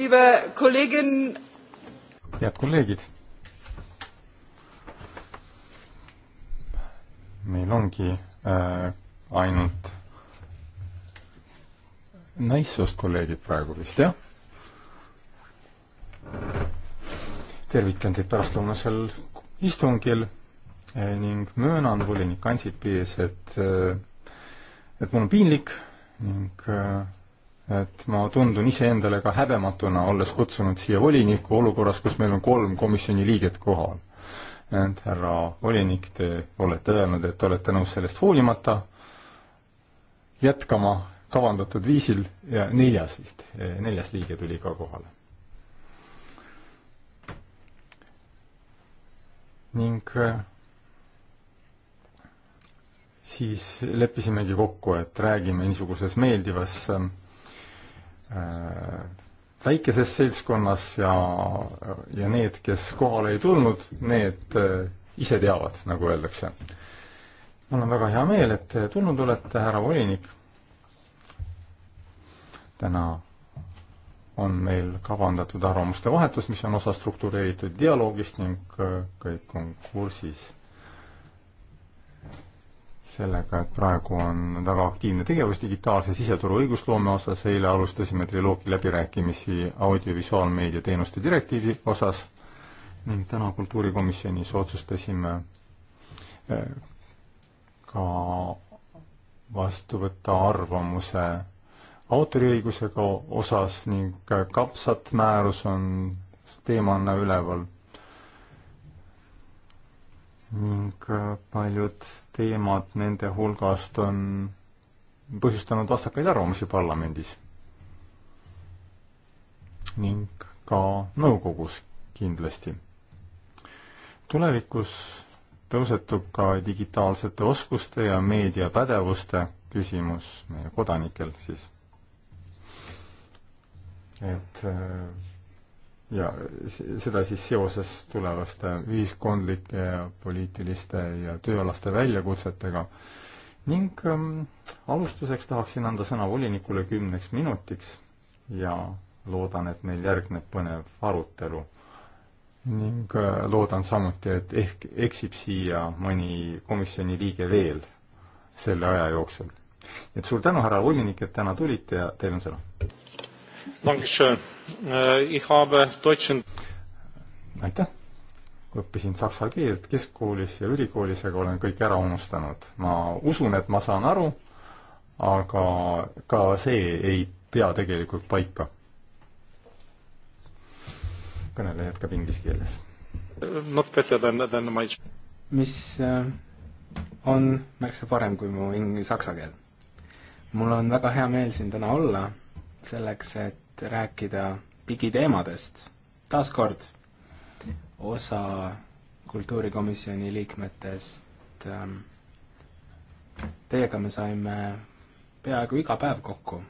liebe Kolleginnen. head kolleegid. meil ongi äh, ainult naissoost kolleegid praegu vist, jah? tervitan teid pärastlõunasel istungil äh, ning möönan volinik Ansipi ees, et, äh, et mul on piinlik ning äh, et ma tundun iseendale ka häbematuna, olles kutsunud siia voliniku olukorras, kus meil on kolm komisjoni liiget kohal. ent härra volinik, te olete öelnud, et olete nõus sellest hoolimata jätkama kavandatud viisil ja neljas vist, e, neljas liige tuli ka kohale. ning e, siis leppisimegi kokku, et räägime niisuguses meeldivas e, Äh, väikeses seltskonnas ja, ja need, kes kohale ei tulnud, need äh, ise teavad, nagu öeldakse. mul on väga hea meel, et te tulnud olete, härra volinik. täna on meil kavandatud arvamuste vahetus, mis on osa struktureeritud dialoogist ning äh, kõik on kursis sellega, et praegu on väga aktiivne tegevus digitaalse siseturu õigusloome osas, eile alustasime triloogi läbirääkimisi audiovisuaalmeedia teenuste direktiivi osas ning täna Kultuurikomisjonis otsustasime eh, ka vastu võtta arvamuse autoriõigusega osas ning kapsat määrus on teemana üleval ning paljud teemad nende hulgast on põhjustanud vastakaid arvamusi parlamendis ning ka nõukogus kindlasti. tulevikus tõusetub ka digitaalsete oskuste ja meediapädevuste küsimus meie kodanikel siis. et äh, ja seda siis seoses tulevaste ühiskondlike, poliitiliste ja tööalaste väljakutsetega. ning ähm, alustuseks tahaksin anda sõna volinikule kümneks minutiks ja loodan, et meil järgneb põnev arutelu. ning äh, loodan samuti, et ehk eksib siia mõni komisjoni liige veel selle aja jooksul. et suur tänu, härra volinik, et täna tulite ja teil on sõna. Äh, aitäh! õppisin saksa keelt keskkoolis ja ülikoolis, aga olen kõik ära unustanud. ma usun, et ma saan aru, aga ka see ei pea tegelikult paika. kõneleja jätkab inglise keeles. Not better than, than my mis äh, on märksa parem kui mu ing-, saksa keel. mul on väga hea meel siin täna olla selleks, et rääkida digiteemadest. taaskord, osa kultuurikomisjoni liikmetest ähm, teiega me saime peaaegu iga päev kokku.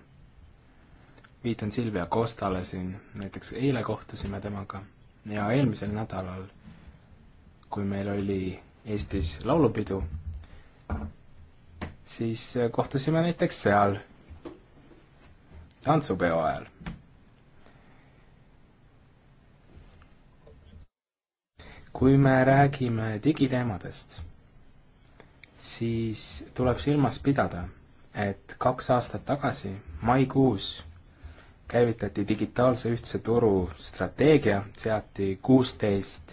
viitan Silvia Kostale siin, näiteks eile kohtusime temaga ja eelmisel nädalal, kui meil oli Eestis laulupidu, siis kohtusime näiteks seal tantsupeo ajal. kui me räägime digiteemadest, siis tuleb silmas pidada, et kaks aastat tagasi, maikuus, käivitati digitaalse ühtse turu strateegia, seati kuusteist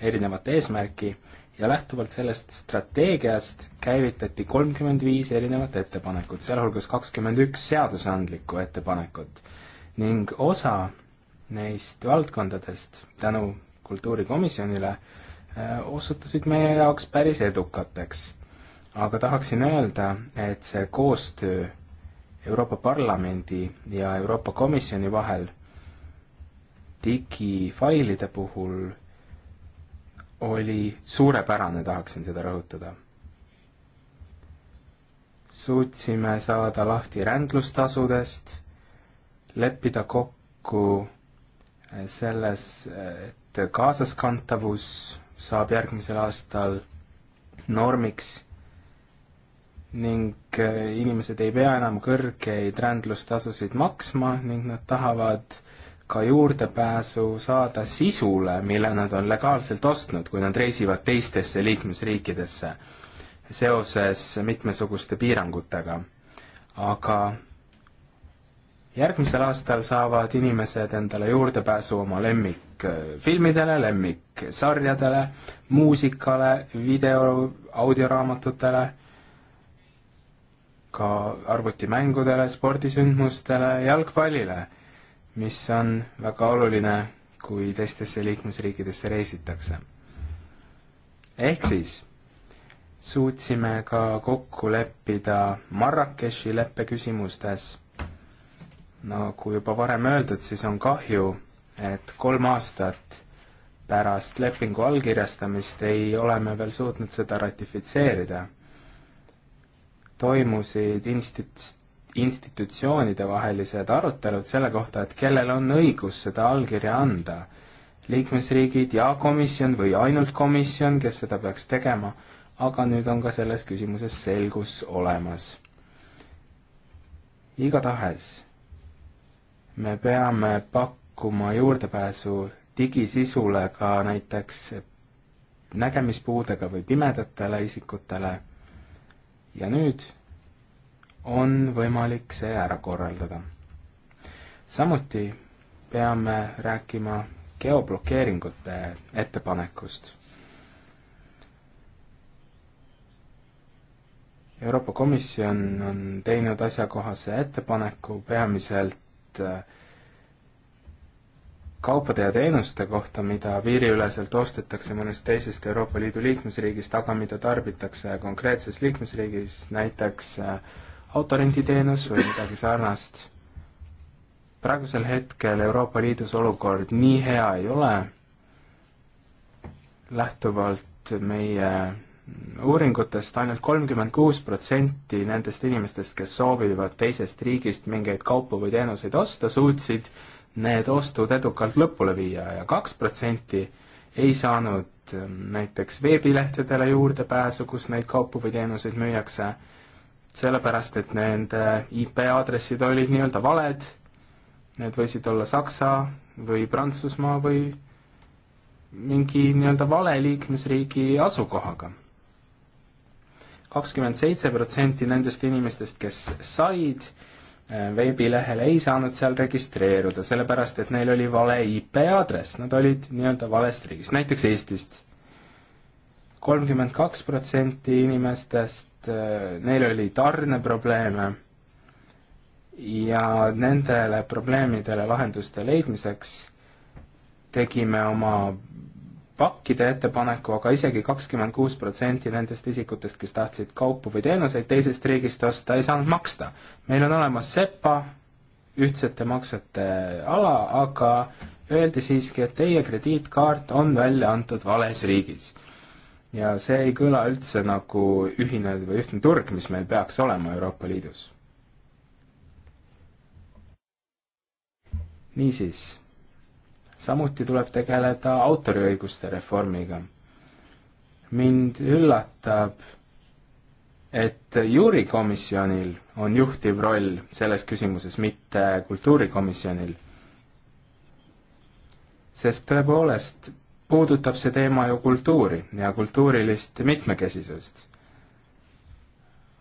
erinevat eesmärki ja lähtuvalt sellest strateegiast käivitati kolmkümmend viis erinevat ettepanekut, sealhulgas kakskümmend üks seadusandlikku ettepanekut ning osa neist valdkondadest tänu kultuurikomisjonile äh, osutusid meie jaoks päris edukateks. aga tahaksin öelda, et see koostöö Euroopa Parlamendi ja Euroopa Komisjoni vahel digifailide puhul oli suurepärane, tahaksin seda rõhutada. suutsime saada lahti rändlustasudest, leppida kokku äh, selles, et kaasaskantavus saab järgmisel aastal normiks ning äh, inimesed ei pea enam kõrgeid rändlustasusid maksma ning nad tahavad ka juurdepääsu saada sisule, mille nad on legaalselt ostnud, kui nad reisivad teistesse liikmesriikidesse seoses mitmesuguste piirangutega. aga järgmisel aastal saavad inimesed endale juurdepääsu oma lemmikfilmidele, lemmiksarjadele, muusikale, video, audioraamatutele, ka arvutimängudele, spordisündmustele, jalgpallile mis on väga oluline, kui teistesse liikmesriikidesse reisitakse. ehk siis suutsime ka kokku leppida Marrakechi leppe küsimustes. nagu juba varem öeldud, siis on kahju, et kolm aastat pärast lepingu allkirjastamist ei ole me veel suutnud seda ratifitseerida. toimusid instituts-, institutsioonide vahelised arutelud selle kohta, et kellel on õigus seda allkirja anda. liikmesriigid ja komisjon või ainult komisjon, kes seda peaks tegema, aga nüüd on ka selles küsimuses selgus olemas. igatahes me peame pakkuma juurdepääsu digisisule ka näiteks nägemispuudega või pimedatele isikutele ja nüüd on võimalik see ära korraldada. samuti peame rääkima geoblokeeringute ettepanekust. Euroopa Komisjon on teinud asjakohase ettepaneku peamiselt äh, kaupade ja teenuste kohta, mida piiriüleselt ostetakse mõnest teisest Euroopa Liidu liikmesriigist, aga mida tarbitakse konkreetses liikmesriigis, näiteks äh, autorenditeenus või midagi sarnast. praegusel hetkel Euroopa Liidus olukord nii hea ei ole, lähtuvalt meie uuringutest ainult kolmkümmend kuus protsenti nendest inimestest, kes soovivad teisest riigist mingeid kaupu või teenuseid osta, suutsid need ostud edukalt lõpule viia ja kaks protsenti ei saanud näiteks veebilehtedele juurdepääsu, kus neid kaupu või teenuseid müüakse sellepärast, et nende IP-aadressid olid nii-öelda valed, need võisid olla Saksa või Prantsusmaa või mingi nii-öelda vale liikmesriigi asukohaga. kakskümmend seitse protsenti nendest inimestest, kes said eh, veebilehele, ei saanud seal registreeruda, sellepärast et neil oli vale IP aadress, nad olid nii-öelda valest riigist, näiteks Eestist kolmkümmend kaks protsenti inimestest, äh, neil oli tarneprobleeme ja nendele probleemidele lahenduste leidmiseks tegime oma pakkide ettepaneku, aga isegi kakskümmend kuus protsenti nendest isikutest, kes tahtsid kaupu või teenuseid teisest riigist osta, ei saanud maksta. meil on olemas SEPA, ühtsete maksete ala, aga öeldi siiski, et teie krediitkaart on välja antud vales riigis ja see ei kõla üldse nagu ühine või ühtne turg, mis meil peaks olema Euroopa Liidus. niisiis, samuti tuleb tegeleda autoriõiguste reformiga. mind üllatab, et juurikomisjonil on juhtiv roll selles küsimuses, mitte kultuurikomisjonil. sest tõepoolest, puudutab see teema ju kultuuri ja kultuurilist mitmekesisust.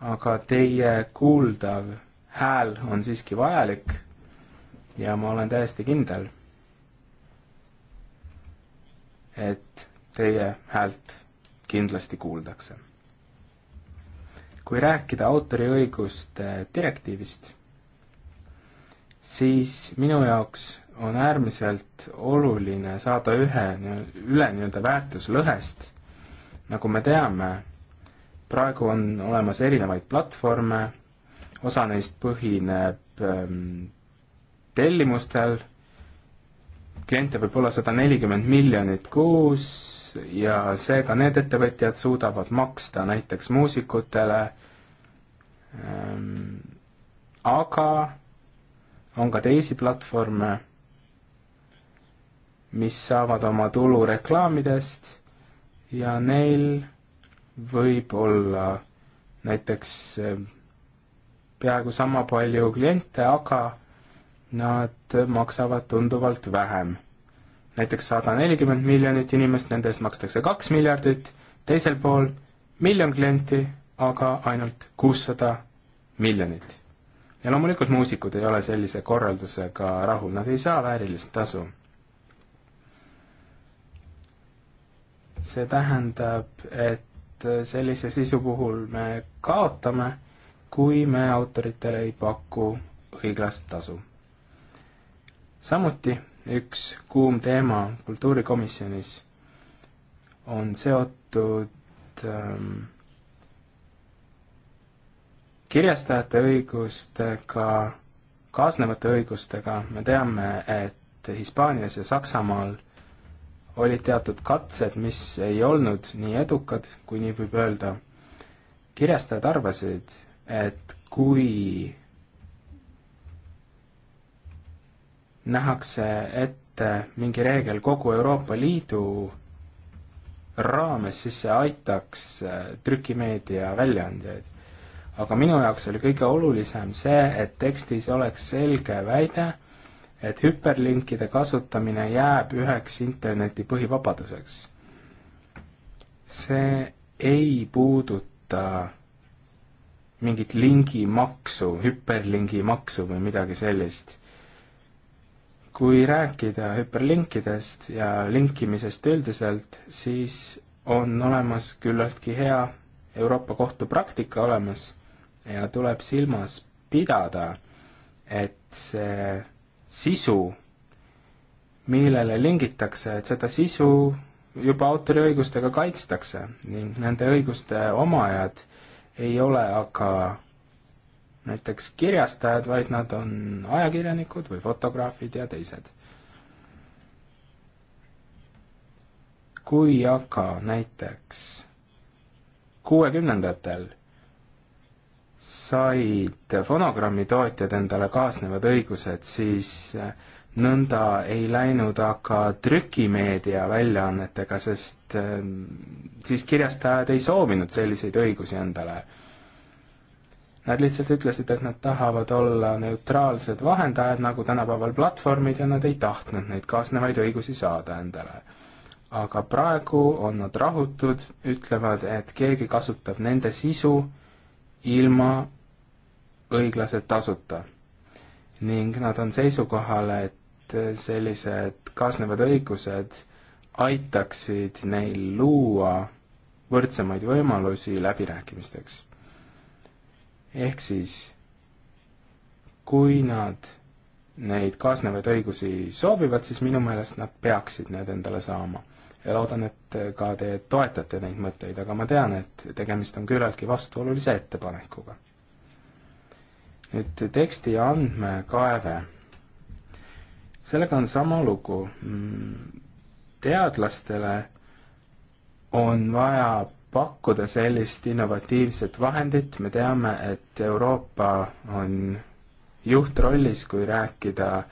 aga teie kuuldav hääl on siiski vajalik ja ma olen täiesti kindel, et teie häält kindlasti kuuldakse. kui rääkida autoriõiguste direktiivist, siis minu jaoks on äärmiselt oluline saada ühe, üle nii-öelda väärtuslõhest. nagu me teame, praegu on olemas erinevaid platvorme, osa neist põhineb ähm, tellimustel, kliente võib olla sada nelikümmend miljonit kuus ja seega need ettevõtjad suudavad maksta näiteks muusikutele ähm,, aga on ka teisi platvorme mis saavad oma tulu reklaamidest ja neil võib olla näiteks eh, peaaegu sama palju kliente, aga nad maksavad tunduvalt vähem. näiteks sada nelikümmend miljonit inimest, nende eest makstakse kaks miljardit, teisel pool miljon klienti, aga ainult kuussada miljonit. ja loomulikult muusikud ei ole sellise korraldusega rahul, nad ei saa väärilist tasu see tähendab, et sellise sisu puhul me kaotame, kui me autoritele ei paku õiglast tasu. samuti üks kuum teema kultuurikomisjonis on seotud ähm, kirjastajate õigustega, kaasnevate õigustega, me teame, et Hispaanias ja Saksamaal olid teatud katsed, mis ei olnud nii edukad, kui nii võib öelda. kirjastajad arvasid, et kui nähakse ette mingi reegel kogu Euroopa Liidu raames, siis see aitaks äh, trükimeedia väljaandjaid. aga minu jaoks oli kõige olulisem see, et tekstis oleks selge väide et hüperlinkide kasutamine jääb üheks interneti põhivabaduseks. see ei puuduta mingit lingimaksu, hüperlingimaksu või midagi sellist. kui rääkida hüperlinkidest ja linkimisest üldiselt, siis on olemas küllaltki hea Euroopa Kohtu praktika olemas ja tuleb silmas pidada, et see sisu, millele lingitakse, et seda sisu juba autoriõigustega kaitstakse ning nende õiguste omajad ei ole aga näiteks kirjastajad, vaid nad on ajakirjanikud või fotograafid ja teised. kui aga näiteks kuuekümnendatel said fonogrammi tootjad endale kaasnevad õigused, siis äh, nõnda ei läinud aga trükimeedia väljaannetega, sest ähm, siis kirjastajad ei soovinud selliseid õigusi endale. Nad lihtsalt ütlesid, et nad tahavad olla neutraalsed vahendajad, nagu tänapäeval platvormid, ja nad ei tahtnud neid kaasnevaid õigusi saada endale aga praegu on nad rahutud, ütlevad, et keegi kasutab nende sisu ilma, õiglased tasuta. ning nad on seisukohal, et sellised kaasnevad õigused aitaksid neil luua võrdsemaid võimalusi läbirääkimisteks. ehk siis, kui nad neid kaasnevaid õigusi soovivad, siis minu meelest nad peaksid need endale saama. ja loodan, et ka te toetate neid mõtteid, aga ma tean, et tegemist on küllaltki vastuolulise ettepanekuga nüüd teksti andmekaeve. sellega on sama lugu. Mm, teadlastele on vaja pakkuda sellist innovatiivset vahendit, me teame, et Euroopa on juhtrollis, kui rääkida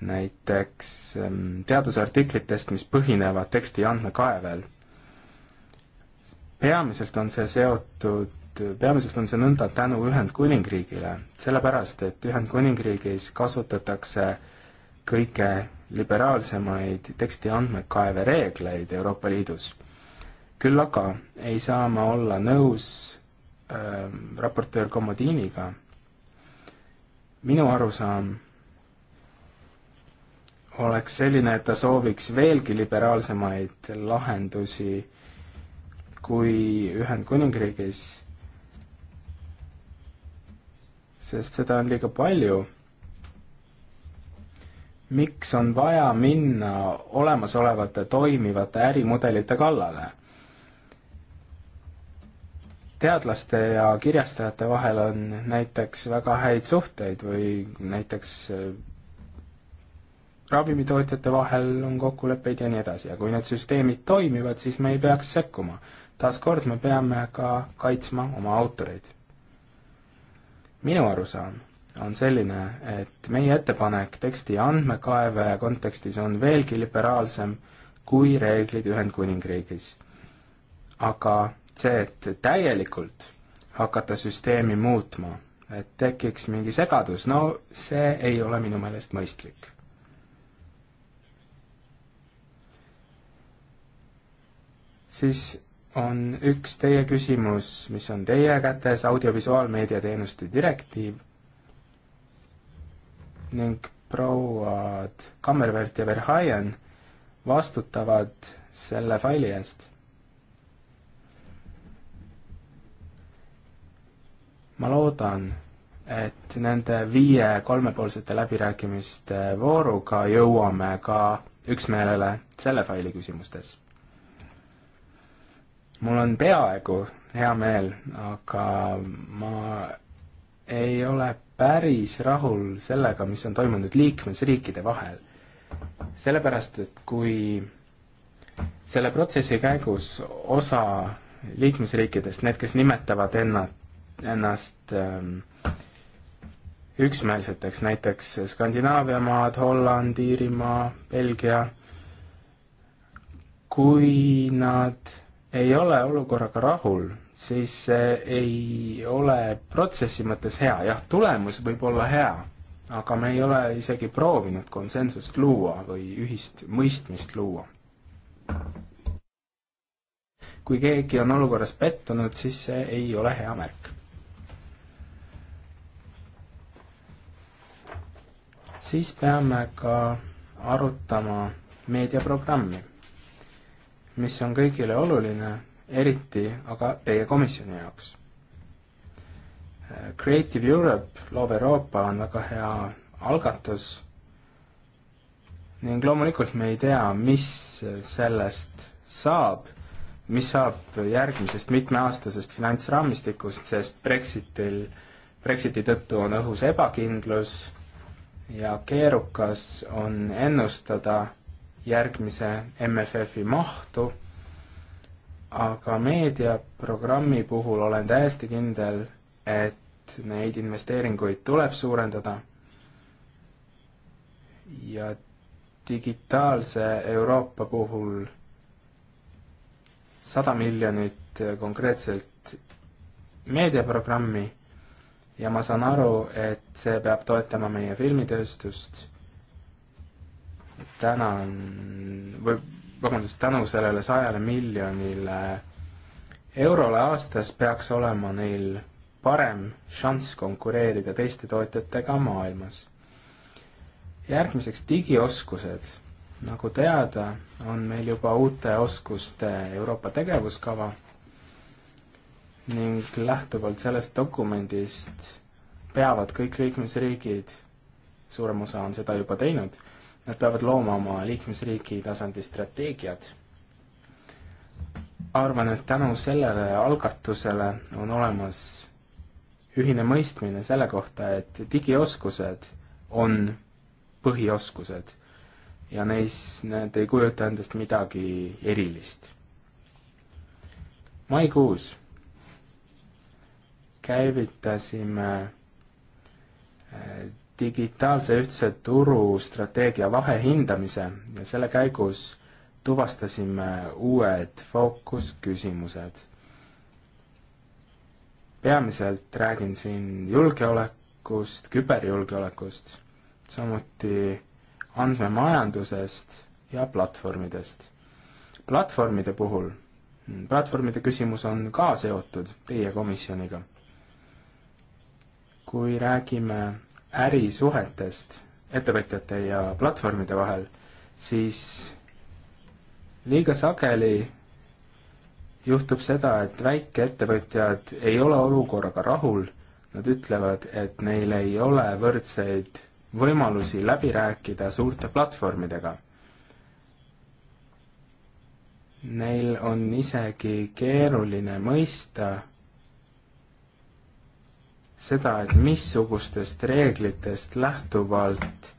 näiteks mm, teadusartiklitest, mis põhinevad teksti andmekaevel. peamiselt on see seotud et peamiselt on see nõnda tänu Ühendkuningriigile, sellepärast et Ühendkuningriigis kasutatakse kõige liberaalsemaid teksti andmekaeve reegleid Euroopa Liidus. küll aga ei saa ma olla nõus äh, raportöör Komodiiniga. minu arusaam oleks selline, et ta sooviks veelgi liberaalsemaid lahendusi kui Ühendkuningriigis sest seda on liiga palju. miks on vaja minna olemasolevate toimivate ärimudelite kallale? teadlaste ja kirjastajate vahel on näiteks väga häid suhteid või näiteks äh, ravimitootjate vahel on kokkuleppeid ja nii edasi ja kui need süsteemid toimivad, siis me ei peaks sekkuma. taaskord me peame ka kaitsma oma autoreid minu arusaam on selline, et meie ettepanek teksti andmekaeve kontekstis on veelgi liberaalsem kui reeglid Ühendkuningriigis. aga see, et täielikult hakata süsteemi muutma, et tekiks mingi segadus, no see ei ole minu meelest mõistlik. siis on üks teie küsimus, mis on teie kätes, audiovisuaalmeedia teenuste direktiiv ning prouad Kammerwert ja Verhaien vastutavad selle faili eest. ma loodan, et nende viie kolmepoolsete läbirääkimiste vooruga jõuame ka üksmeelele selle faili küsimustes mul on peaaegu hea meel, aga ma ei ole päris rahul sellega, mis on toimunud liikmesriikide vahel. sellepärast, et kui selle protsessi käigus osa liikmesriikidest, need, kes nimetavad enna-, ennast ähm, üksmeelseteks, näiteks Skandinaavia maad, Holland, Iirimaa, Belgia, kui nad ei ole olukorraga rahul, siis see ei ole protsessi mõttes hea, jah, tulemus võib olla hea, aga me ei ole isegi proovinud konsensust luua või ühist mõistmist luua. kui keegi on olukorras pettunud, siis see ei ole hea märk. siis peame ka arutama meediaprogrammi mis on kõigile oluline, eriti aga teie komisjoni jaoks. Creative Europe, loov Euroopa on väga hea algatus ning loomulikult me ei tea, mis sellest saab, mis saab järgmisest mitmeaastasest finantsraamistikust, sest Brexitil, Brexiti tõttu on õhus ebakindlus ja keerukas on ennustada järgmise MFF-i mahtu, aga meediaprogrammi puhul olen täiesti kindel, et neid investeeringuid tuleb suurendada ja digitaalse Euroopa puhul sada miljonit konkreetselt meediaprogrammi ja ma saan aru, et see peab toetama meie filmitööstust tänan, või vabandust, tänu sellele sajale miljonile eurole aastas peaks olema neil parem šanss konkureerida teiste tootjatega maailmas. järgmiseks digioskused. nagu teada, on meil juba uute oskuste Euroopa tegevuskava ning lähtuvalt sellest dokumendist peavad kõik liikmesriigid, suurem osa on seda juba teinud, Nad peavad looma oma liikmesriigi tasandi strateegiad. arvan, et tänu sellele algatusele on olemas ühine mõistmine selle kohta, et digioskused on põhioskused ja neis, need ei kujuta endast midagi erilist. maikuus käivitasime eh, digitaalse ühtse turu strateegia vahehindamise ja selle käigus tuvastasime uued fookusküsimused. peamiselt räägin siin julgeolekust, küberjulgeolekust, samuti andmemajandusest ja platvormidest. platvormide puhul, platvormide küsimus on ka seotud teie komisjoniga. kui räägime ärisuhetest ettevõtjate ja platvormide vahel, siis liiga sageli juhtub seda, et väikeettevõtjad ei ole olukorraga rahul, nad ütlevad, et neil ei ole võrdseid võimalusi läbi rääkida suurte platvormidega. Neil on isegi keeruline mõista, seda, et missugustest reeglitest lähtuvalt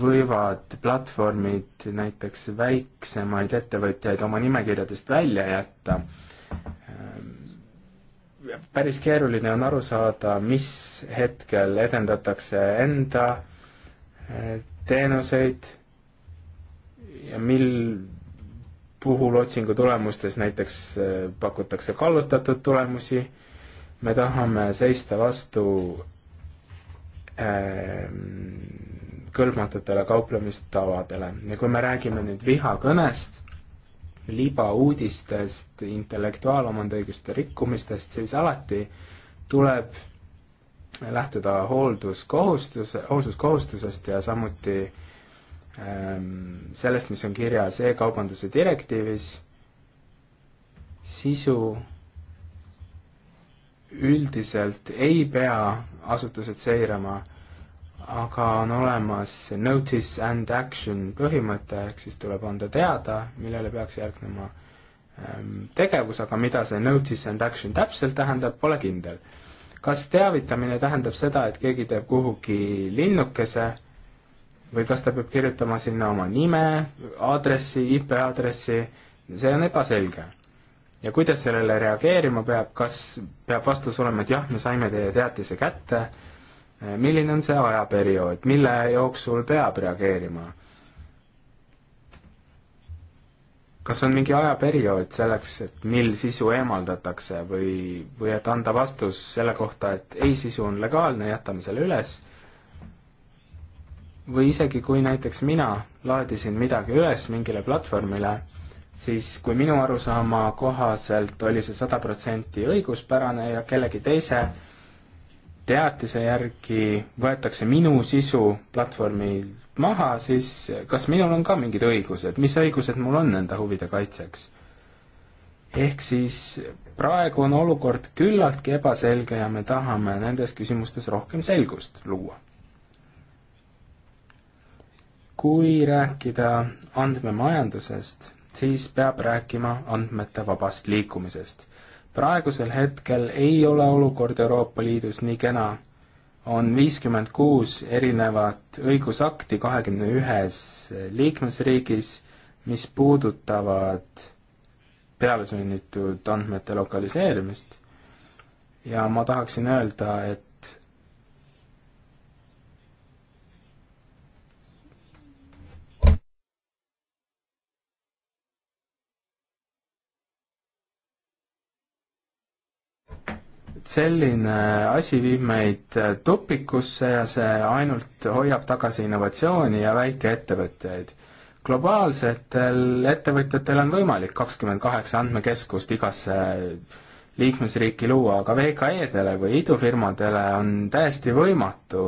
võivad platvormid näiteks väiksemaid ettevõtjaid oma nimekirjadest välja jätta. päris keeruline on aru saada, mis hetkel edendatakse enda eh, teenuseid ja mil puhul otsingu tulemustes näiteks eh, pakutakse kallutatud tulemusi me tahame seista vastu äh, kõlbmatutele kauplemistavadele ja kui me räägime nüüd vihakõnest, libauudistest, intellektuaalomandiõiguste rikkumistest, siis alati tuleb lähtuda hoolduskohustuse, hoolsuskohustusest ja samuti ähm, sellest, mis on kirjas e-kaubanduse direktiivis, sisu üldiselt ei pea asutused seirama, aga on olemas notice and action põhimõte, ehk siis tuleb anda teada, millele peaks järgnema ehm, tegevus, aga mida see notice and action täpselt tähendab, pole kindel. kas teavitamine tähendab seda, et keegi teeb kuhugi linnukese või kas ta peab kirjutama sinna oma nime, aadressi, IP aadressi, see on ebaselge ja kuidas sellele reageerima peab, kas peab vastus olema, et jah, me saime teie teatise kätte, äh, milline on see ajaperiood, mille jooksul peab reageerima? kas on mingi ajaperiood selleks, et mil sisu eemaldatakse või, või et anda vastus selle kohta, et ei, sisu on legaalne, jätame selle üles, või isegi kui näiteks mina laadisin midagi üles mingile platvormile siis kui minu arusaama kohaselt oli see sada protsenti õiguspärane ja kellegi teise teatise järgi võetakse minu sisu platvormilt maha, siis kas minul on ka mingid õigused, mis õigused mul on enda huvide kaitseks? ehk siis praegu on olukord küllaltki ebaselge ja me tahame nendes küsimustes rohkem selgust luua. kui rääkida andmemajandusest siis peab rääkima andmete vabast liikumisest. praegusel hetkel ei ole olukord Euroopa Liidus nii kena, on viiskümmend kuus erinevat õigusakti kahekümne ühes liikmesriigis, mis puudutavad pealesunnitud andmete lokaliseerimist ja ma tahaksin öelda, et selline asi viib meid tupikusse ja see ainult hoiab tagasi innovatsiooni ja väikeettevõtjaid. globaalsetel ettevõtjatel on võimalik kakskümmend kaheksa andmekeskust igasse liikmesriiki luua, aga VKE-dele või idufirmadele on täiesti võimatu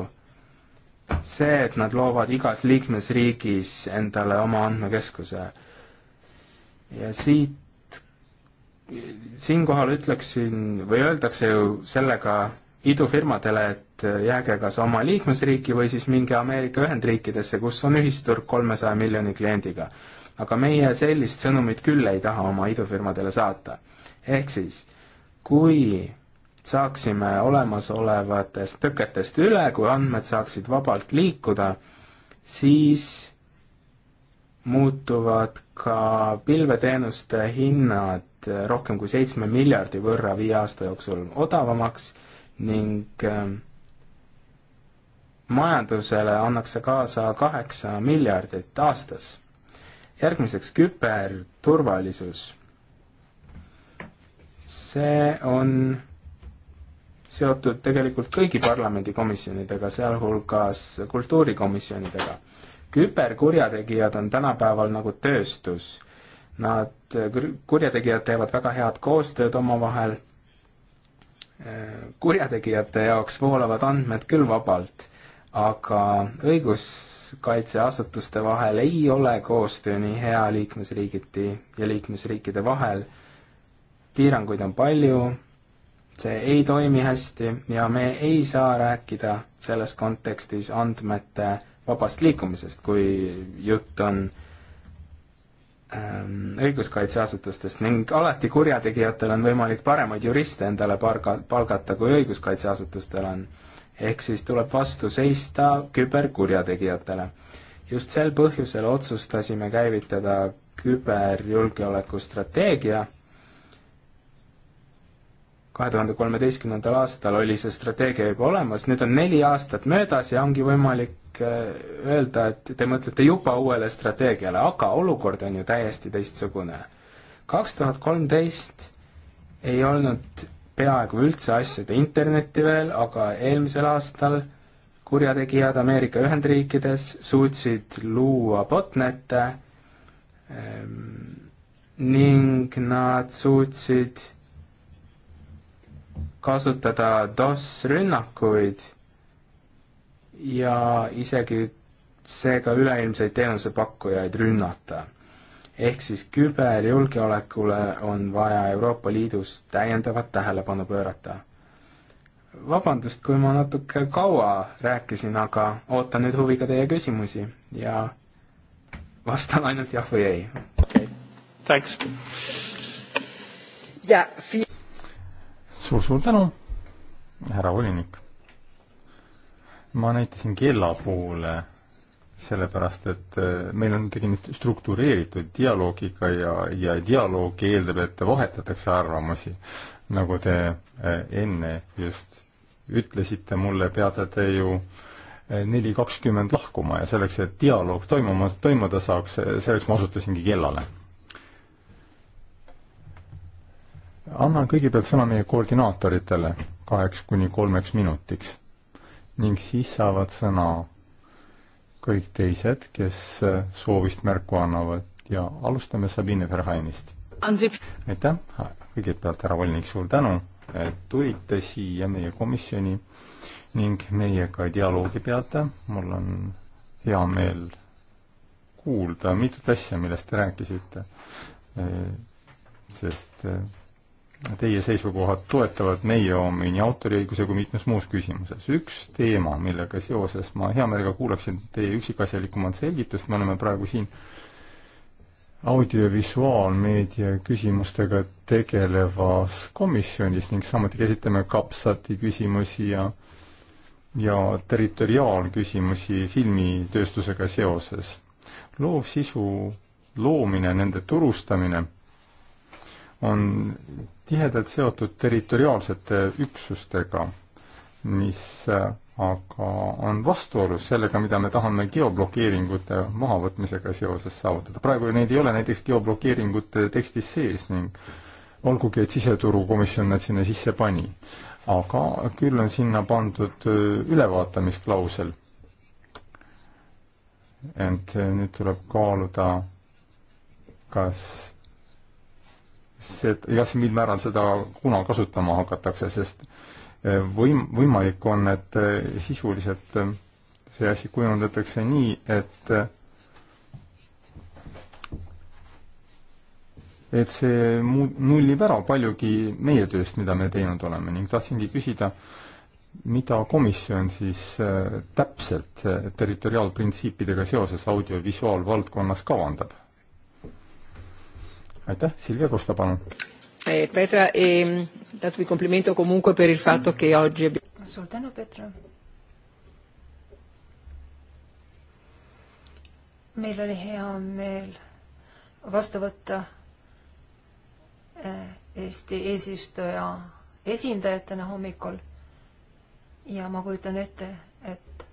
see, et nad loovad igas liikmesriigis endale oma andmekeskuse. ja siit siinkohal ütleksin või öeldakse ju sellega idufirmadele, et jääge kas oma liikmesriiki või siis minge Ameerika Ühendriikidesse, kus on ühisturg kolmesaja miljoni kliendiga. aga meie sellist sõnumit küll ei taha oma idufirmadele saata. ehk siis, kui saaksime olemasolevatest tõketest üle, kui andmed saaksid vabalt liikuda, siis muutuvad ka pilveteenuste hinnad rohkem kui seitsme miljardi võrra viie aasta jooksul odavamaks ning ähm, majandusele annaks see kaasa kaheksa miljardit aastas. järgmiseks küberturvalisus. see on seotud tegelikult kõigi parlamendikomisjonidega, sealhulgas kultuurikomisjonidega küberkurjategijad on tänapäeval nagu tööstus. Nad, kurjategijad teevad väga head koostööd omavahel, kurjategijate jaoks voolavad andmed küll vabalt, aga õiguskaitseasutuste vahel ei ole koostöö nii hea liikmesriigiti ja liikmesriikide vahel. piiranguid on palju, see ei toimi hästi ja me ei saa rääkida selles kontekstis andmete vabast liikumisest, kui jutt on ähm, õiguskaitseasutustest ning alati kurjategijatel on võimalik paremaid juriste endale parga, palgata, kui õiguskaitseasutustel on. ehk siis tuleb vastu seista küberkurjategijatele. just sel põhjusel otsustasime käivitada küberjulgeoleku strateegia kahe tuhande kolmeteistkümnendal aastal oli see strateegia juba olemas, nüüd on neli aastat möödas ja ongi võimalik äh, öelda, et te mõtlete juba uuele strateegiale, aga olukord on ju täiesti teistsugune. kaks tuhat kolmteist ei olnud peaaegu üldse asjade internetti veel, aga eelmisel aastal kurjategijad Ameerika Ühendriikides suutsid luua botnet'e ähm, ning nad suutsid kasutada DOS-rünnakuid ja isegi seega üleilmseid teenusepakkujaid rünnata. ehk siis küberjulgeolekule on vaja Euroopa Liidus täiendavat tähelepanu pöörata. vabandust, kui ma natuke kaua rääkisin, aga ootan nüüd huviga teie küsimusi ja vastan ainult jah või ei. okei okay., thanks. jaa, suur-suur tänu, härra volinik. ma näitasin kella poole, sellepärast et eh, meil on tegemist struktureeritud dialoogiga ja, ja dialoog eeldab, et vahetatakse arvamusi. nagu te eh, enne just ütlesite mulle, peate te ju eh, neli kakskümmend lahkuma ja selleks, et dialoog toimuma, toimuda saaks, selleks ma osutasingi kellale annan kõigepealt sõna meie koordinaatoritele kaheks kuni kolmeks minutiks ning siis saavad sõna kõik teised, kes äh, soovist märku annavad ja alustame Sabine Verhaenist. aitäh, kõigepealt härra volinik, suur tänu, et tulite siia meie komisjoni ning meiega dialoogi peate, mul on hea meel kuulda mitut asja, millest te rääkisite. Äh, sest äh, teie seisukohad toetavad meie omi nii autoriõiguse kui mitmes muus küsimuses. üks teema, millega seoses ma hea meelega kuulaksin teie üksikasjalikumat selgitust, me oleme praegu siin audiovisuaalmeedia küsimustega tegelevas komisjonis ning samuti käsitleme kapsati küsimusi ja ja territoriaalküsimusi filmitööstusega seoses. loovsisu loomine, nende turustamine on tihedalt seotud territoriaalsete üksustega, mis äh, aga on vastuolus sellega, mida me tahame geoblokeeringute mahavõtmisega seoses saavutada. praegu neid ei ole näiteks geoblokeeringute tekstis sees ning olgugi, et siseturukomisjon nad sinna sisse pani. aga küll on sinna pandud äh, ülevaatamisklausel. ent äh, nüüd tuleb kaaluda, kas see, jah, mil määral seda kunagi kasutama hakatakse, sest eh, võim-, võimalik on, et eh, sisuliselt eh, see asi kujundatakse nii, et et see mu-, nullib ära paljugi meie tööst, mida me teinud oleme ning tahtsingi küsida, mida komisjon siis täpselt territoriaalprintsiipidega seoses audiovisuaalvaldkonnas kavandab? aitäh, Silvia Kosta, palun. Eh, Petra, ehm, dato mi complimento comunque per il fatto che oggi suur tänu, Petra. meil oli hea meel vastu võtta eh, Eesti eesistuja esindajatena hommikul ja ma kujutan ette, et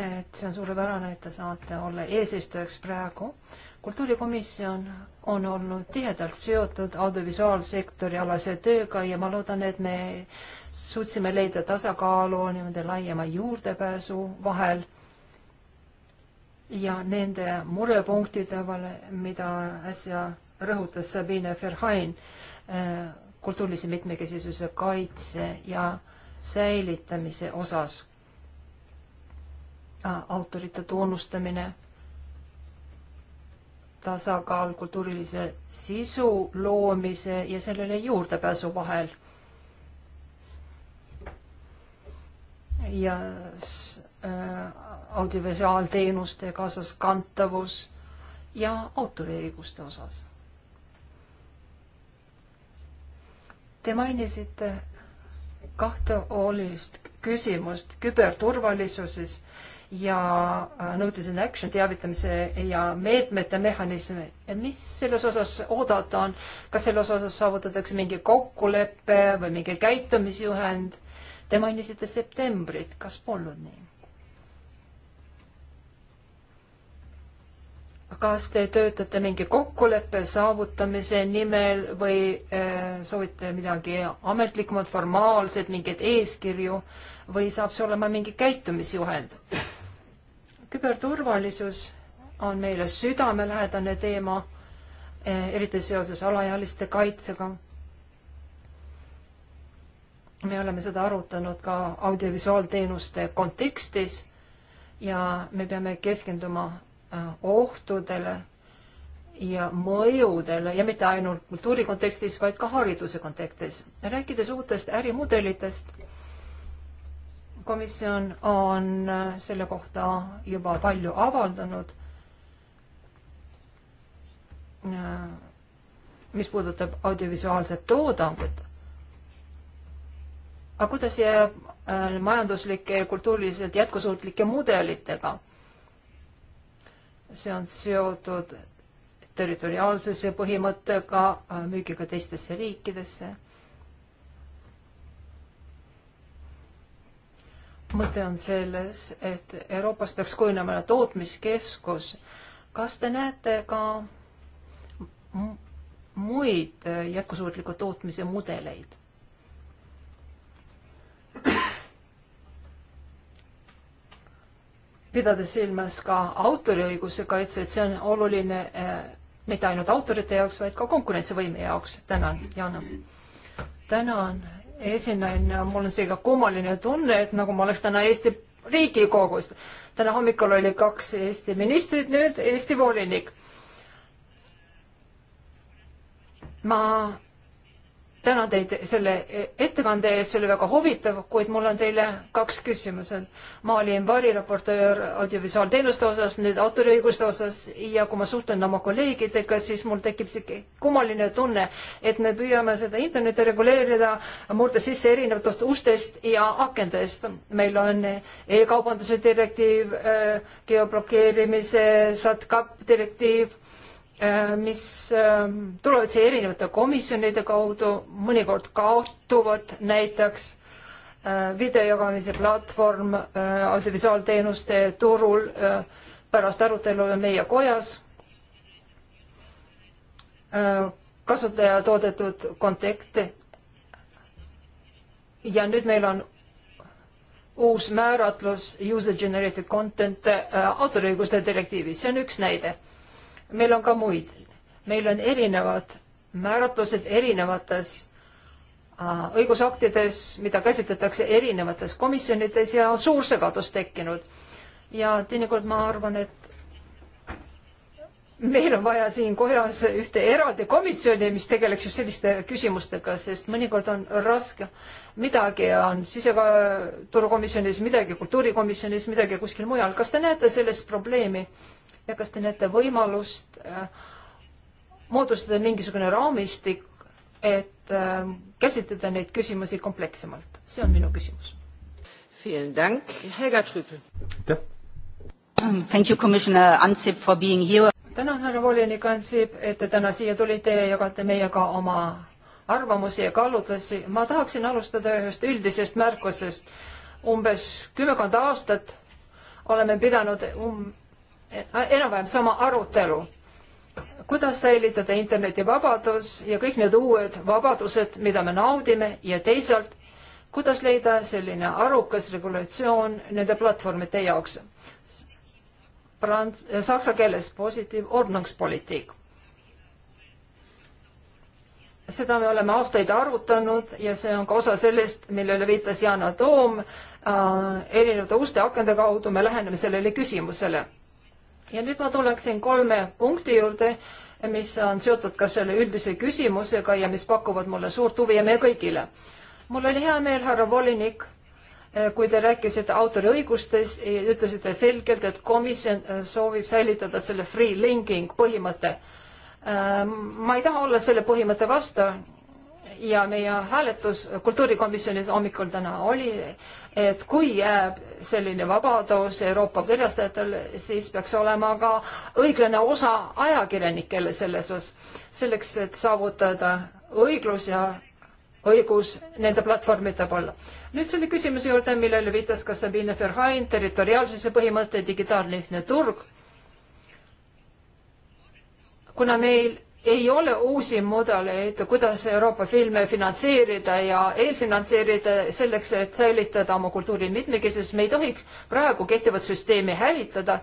et see on suurepärane, et te saate olla eesistujaks praegu äh, kultuurikomisjon on olnud tihedalt seotud audiovisuaalsektori alase tööga ja ma loodan, et me suutsime leida tasakaalu niimoodi laiema juurdepääsu vahel ja nende murepunktide vahel, mida äsja rõhutas Sabine Verhaen, äh, kultuurilise mitmekesisuse kaitse ja säilitamise osas, äh, autorite tunnustamine tasakaal kultuurilise sisu loomise ja sellele juurdepääsu vahel. ja äh, audiovisuaalteenuste kaasaskantavus ja autoriõiguste osas. Te mainisite kahte olulist küsimust küberturvalisuses äh, ja äh, Notice in Action teavitamise ja meetmete mehhanisme. mis selles osas oodata on, kas selles osas saavutatakse mingi kokkulepe või mingi käitumisjuhend? Te mainisite septembrit, kas polnud nii? kas te töötate mingi kokkuleppe saavutamise nimel või äh, soovite midagi ametlikumat, formaalset, mingeid eeskirju või saab see olema mingi käitumisjuhend? küberturvalisus on meile südamelähedane teema, eh, eriti seoses alaealiste kaitsega. me oleme seda arutanud ka audiovisuaalteenuste kontekstis ja me peame keskenduma eh, ohtudele ja mõjudele ja mitte ainult kultuuri kontekstis, vaid ka hariduse kontekstis. rääkides uutest ärimudelitest komisjon on selle kohta juba palju avaldanud, mis puudutab audiovisuaalset toodangut. aga kuidas jääb äh, majanduslike ja kultuuriliselt jätkusuutlike mudelitega? see on seotud territoriaalsuse põhimõttega, äh, müügiga teistesse riikidesse mõte on selles, et Euroopas peaks kujunema tootmiskeskus. kas te näete ka muid jätkusuutliku tootmise mudeleid? pidades silmas ka autoriõiguse kaitset, see on oluline äh, mitte ainult autorite jaoks, vaid ka konkurentsivõime jaoks. tänan, Jana. tänan esinaine, mul on seega kummaline tunne, et nagu ma oleks täna Eesti Riigikogus. täna hommikul oli kaks Eesti ministrit, nüüd Eesti volinik. ma tänan teid selle e, ettekande eest, see oli väga huvitav, kuid mul on teile kaks küsimust. ma olin variraportöör audiovisuaalteenuste osas, nüüd autoriõiguste osas ja kui ma suhtlen oma kolleegidega, siis mul tekib sihuke kummaline tunne, et me püüame seda internetti reguleerida, murda sisse erinevatest ustest ja akendest. meil on e-kaubanduse direktiiv, e, geoblokeerimise, SATCAP direktiiv Äh, mis ähm, tulevad siia erinevate komisjonide kaudu, mõnikord kaotuvad, näiteks äh, videojagamise platvorm äh, audiovisuaalteenuste turul pärast arutelu meie kojas. kasutaja toodetud kontakte. ja nüüd meil on uus määratlus user generated content autoriõiguste direktiivis, see on üks näide meil on ka muid, meil on erinevad määratlused erinevates äh, õigusaktides, mida käsitletakse erinevates komisjonides ja on suur segadus tekkinud. ja teinekord ma arvan, et meil on vaja siin kojas ühte eraldi komisjoni, mis tegeleks just selliste küsimustega, sest mõnikord on raske, midagi on sisekaitseturukomisjonis, midagi kultuurikomisjonis, midagi kuskil mujal. kas te näete selles probleemi? ja kas te näete võimalust äh, moodustada mingisugune raamistik, et äh, käsitleda neid küsimusi komplekssemalt? see on minu küsimus. aitäh. Um, thank you, Commissioner Ansip for being here. tänan, härra volinik Ansip, et te täna siia tulite ja jagate meiega oma arvamusi ja kaalutlusi. ma tahaksin alustada ühest üldisest märkusest. umbes kümmekond aastat oleme pidanud um Äh, enam-vähem sama arutelu, kuidas säilitada internetivabadus ja kõik need uued vabadused, mida me naudime ja teisalt, kuidas leida selline arukas regulatsioon nende platvormide jaoks. Prants-, saksa keeles positiiv ordnungspoliitik seda me oleme aastaid arutanud ja see on ka osa sellest, millele viitas Yana Toom äh,. erinevate uste akende kaudu me läheneme sellele küsimusele ja nüüd ma tuleksin kolme punkti juurde, mis on seotud ka selle üldise küsimusega ja mis pakuvad mulle suurt huvi ja meie kõigile. mul oli hea meel, härra volinik, eh, kui te rääkisite autoriõigustest, ütlesite selgelt, et komisjon eh, soovib säilitada selle free linking põhimõtte. Eh, ma ei taha olla selle põhimõtte vastu, ja meie hääletus kultuurikomisjonis hommikul täna oli, et kui jääb selline vabadus Euroopa kirjastajatele, siis peaks olema ka õiglane osa ajakirjanikele selles osas, selleks et saavutada õiglus ja õigus nende platvormide peal. nüüd selle küsimuse juurde, millele viitas ka Sabine Verhaen, territoriaalsuse põhimõte, digitaalne ühtne turg. kuna meil ei ole uusi mudeleid, kuidas Euroopa filme finantseerida ja eelfinantseerida selleks, et säilitada oma kultuuri mitmekesisust, me ei tohiks praegu kehtivat süsteemi hävitada,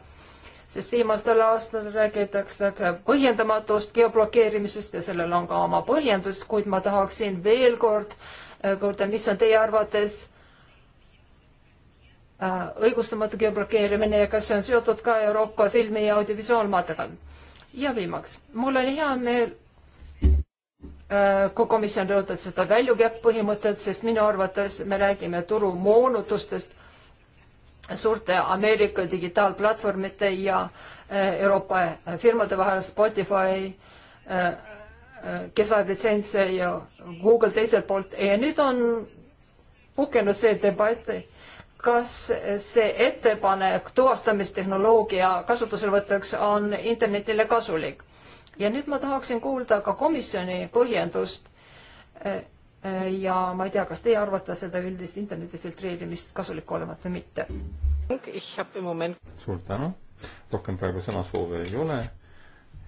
sest viimastel aastatel räägitakse põhjendamatust geoblokeerimisest ja sellel on ka oma põhjendus, kuid ma tahaksin veel kord äh, kuulda, mis on teie arvates äh, õigustamatu geoblokeerimine ja kas see on seotud ka Euroopa filmi ja audiovisuaalmaterjaliga ja viimaks, mul oli hea meel, äh, kui komisjon rõhutas seda väljukäpp-põhimõtet, sest minu arvates me räägime turu moonutustest suurte Ameerika digitaalplatvormide ja äh, Euroopa firmade vahel Spotify, äh, kes vajab litsentse ja Google teiselt poolt ja nüüd on puhkenud see debatt, kas see ettepanek tuvastamistehnoloogia kasutuselevõtuks on internetile kasulik? ja nüüd ma tahaksin kuulda ka komisjoni põhjendust eh, eh, ja ma ei tea, kas teie arvate seda üldist interneti filtreerimist kasulikku olevat või mitte? suur tänu, rohkem praegu sõnasoove ei ole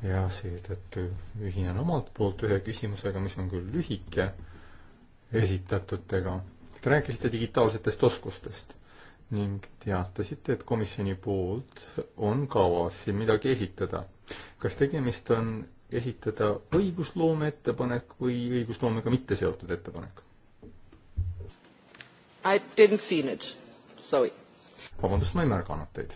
ja seetõttu ühinen omalt poolt ühe küsimusega, mis on küll lühike esitatutega. Te rääkisite digitaalsetest oskustest ning teatasite, et komisjoni poolt on kavas siin midagi esitada. kas tegemist on esitada õigusloome ettepanek või õigusloomega mitte seotud ettepanek? I didn't see it, sorry. vabandust, ma ei märganud teid,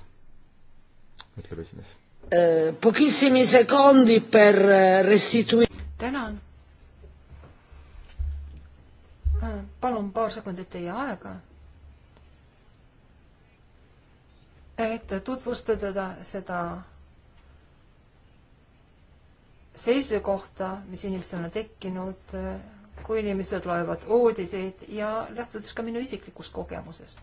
ütleb esimees eh,. Pochissimi secondi per eh, restitui-. tänan. Eh, palun paar sekundit teie aega et tutvustada seda seisukohta, mis inimestel on tekkinud, kui inimesed loevad uudiseid ja lähtudes ka minu isiklikust kogemusest.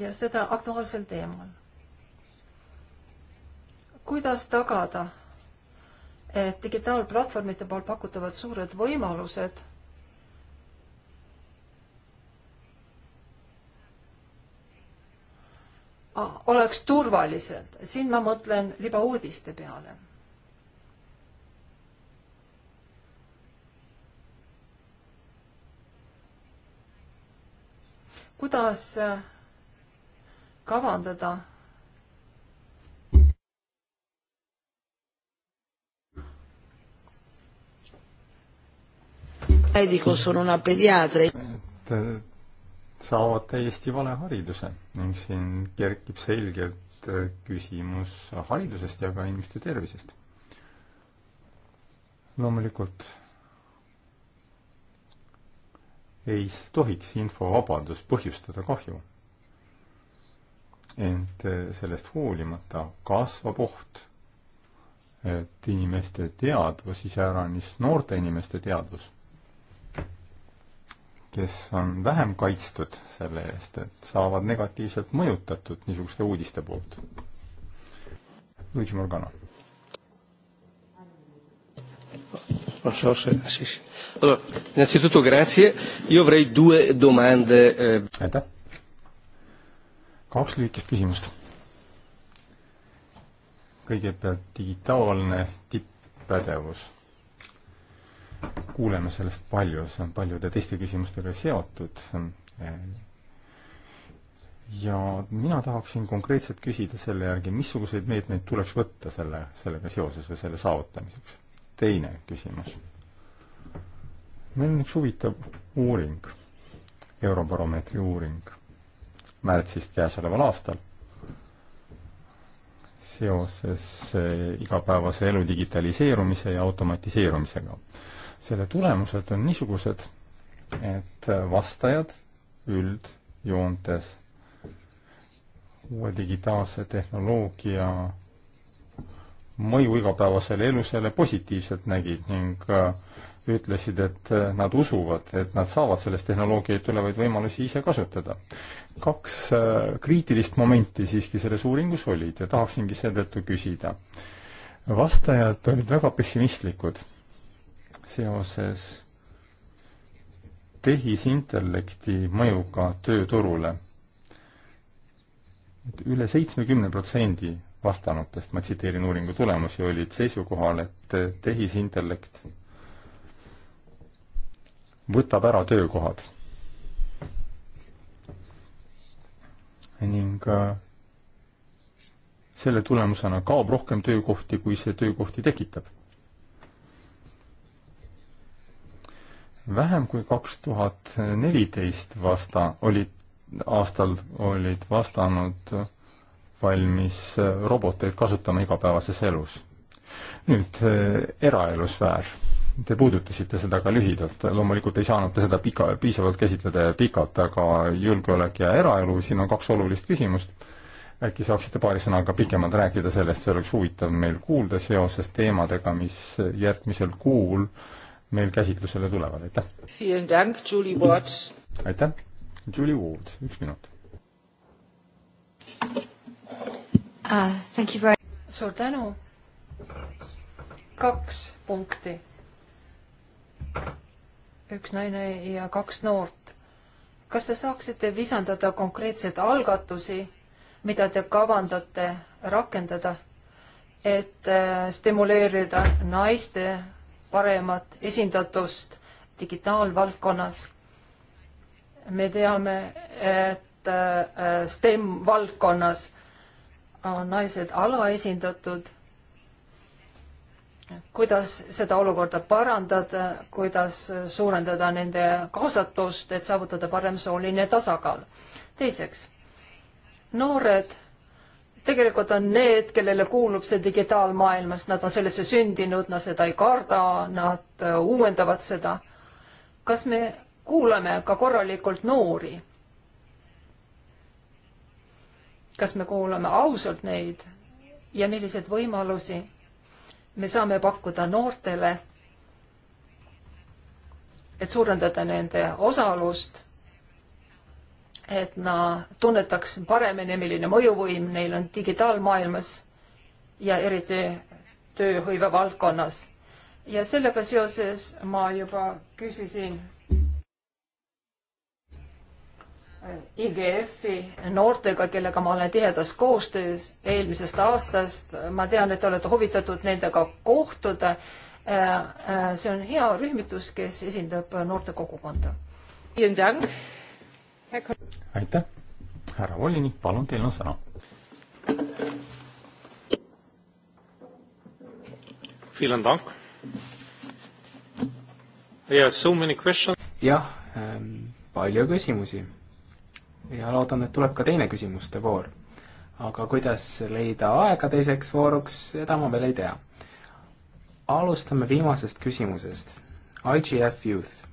ja seda aktuaalsel teemal. kuidas tagada, et digitaalplatvormide poolt pakutavad suured võimalused oleks turvalised. siin ma mõtlen libauudiste peale. kuidas äh, kavandada medico, sono una pediatra saavad täiesti vale hariduse ning siin kerkib selgelt äh, küsimus haridusest ja ka inimeste tervisest. loomulikult ei tohiks infovabadus põhjustada kahju. ent äh, sellest hoolimata kasvab oht, et inimeste teadvus, iseäranis noorte inimeste teadvus kes on vähem kaitstud selle eest, et saavad negatiivselt mõjutatud niisuguste uudiste poolt. Luigi Morgana. Eh. aitäh. kaks lühikest küsimust. kõigepealt digitaalne tipppädevus kuuleme sellest palju, see on paljude teiste küsimustega seotud. ja mina tahaksin konkreetselt küsida selle järgi, missuguseid meetmeid tuleks võtta selle, sellega seoses või selle saavutamiseks. teine küsimus. meil on üks huvitav uuring, Eurobaromeetri uuring märtsist käesoleval aastal seoses eh, igapäevase elu digitaliseerumise ja automatiseerumisega selle tulemused on niisugused, et vastajad üldjoontes uue digitaalse tehnoloogia mõju igapäevasele elusele positiivselt nägid ning äh, ütlesid, et äh, nad usuvad, et nad saavad sellest tehnoloogiaid tulevaid võimalusi ise kasutada. kaks äh, kriitilist momenti siiski selles uuringus olid ja tahaksingi seetõttu küsida. vastajad olid väga pessimistlikud seoses tehisintellekti mõjuga tööturule. üle seitsmekümne protsendi vastanutest, ma tsiteerin uuringu tulemusi, olid seisukohal, et tehisintellekt võtab ära töökohad. ning äh, selle tulemusena kaob rohkem töökohti, kui see töökohti tekitab vähem kui kaks tuhat neliteist vasta, olid, aastal olid vastanud valmis roboteid kasutama igapäevases elus. nüüd eh, eraelusfäär. Te puudutasite seda ka lühidalt, loomulikult ei saanud te seda pika, piisavalt käsitleda ja pikalt, aga julgeolek ja eraelu, siin on kaks olulist küsimust. äkki saaksite paari sõnaga pikemalt rääkida sellest, see oleks huvitav meil kuulda seoses teemadega, mis järgmisel kuul äh, meil käsitlusele tulevad, aitäh! aitäh! Julie Ward, üks minut uh,. Very... suur tänu! kaks punkti. üks naine ja kaks noort. kas te saaksite visandada konkreetseid algatusi, mida te kavandate rakendada, et äh, stimuleerida naiste paremat esindatust digitaalvaldkonnas. me teame, et äh, STEM valdkonnas on naised alaesindatud. kuidas seda olukorda parandada, kuidas suurendada nende kaasatust, et saavutada parem sooline tasakaal? teiseks, noored tegelikult on need, kellele kuulub see digitaalmaailmas, nad on sellesse sündinud, nad seda ei karda, nad äh, uuendavad seda. kas me kuulame ka korralikult noori? kas me kuulame ausalt neid ja milliseid võimalusi me saame pakkuda noortele, et suurendada nende osalust et nad tunnetaks paremini, milline mõjuvõim neil on digitaalmaailmas ja eriti tööhõive valdkonnas. ja sellega seoses ma juba küsisin IGF-i noortega, kellega ma olen tihedas koostöös eelmisest aastast. ma tean, et te olete huvitatud nendega kohtuda. Äh, äh, see on hea rühmitus, kes esindab noorte kogukonda aitäh, härra volinik, palun, teil on sõna. jah, ähm, palju küsimusi ja loodan, et tuleb ka teine küsimuste voor. aga kuidas leida aega teiseks vooruks, seda ma veel ei tea. alustame viimasest küsimusest. IGF Youth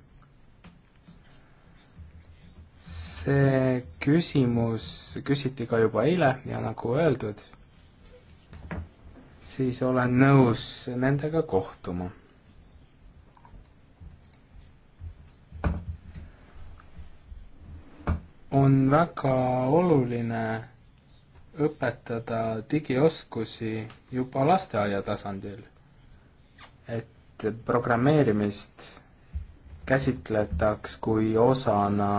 see küsimus küsiti ka juba eile ja nagu öeldud, siis olen nõus nendega kohtuma. on väga oluline õpetada digioskusi juba lasteaia tasandil, et programmeerimist käsitletaks kui osana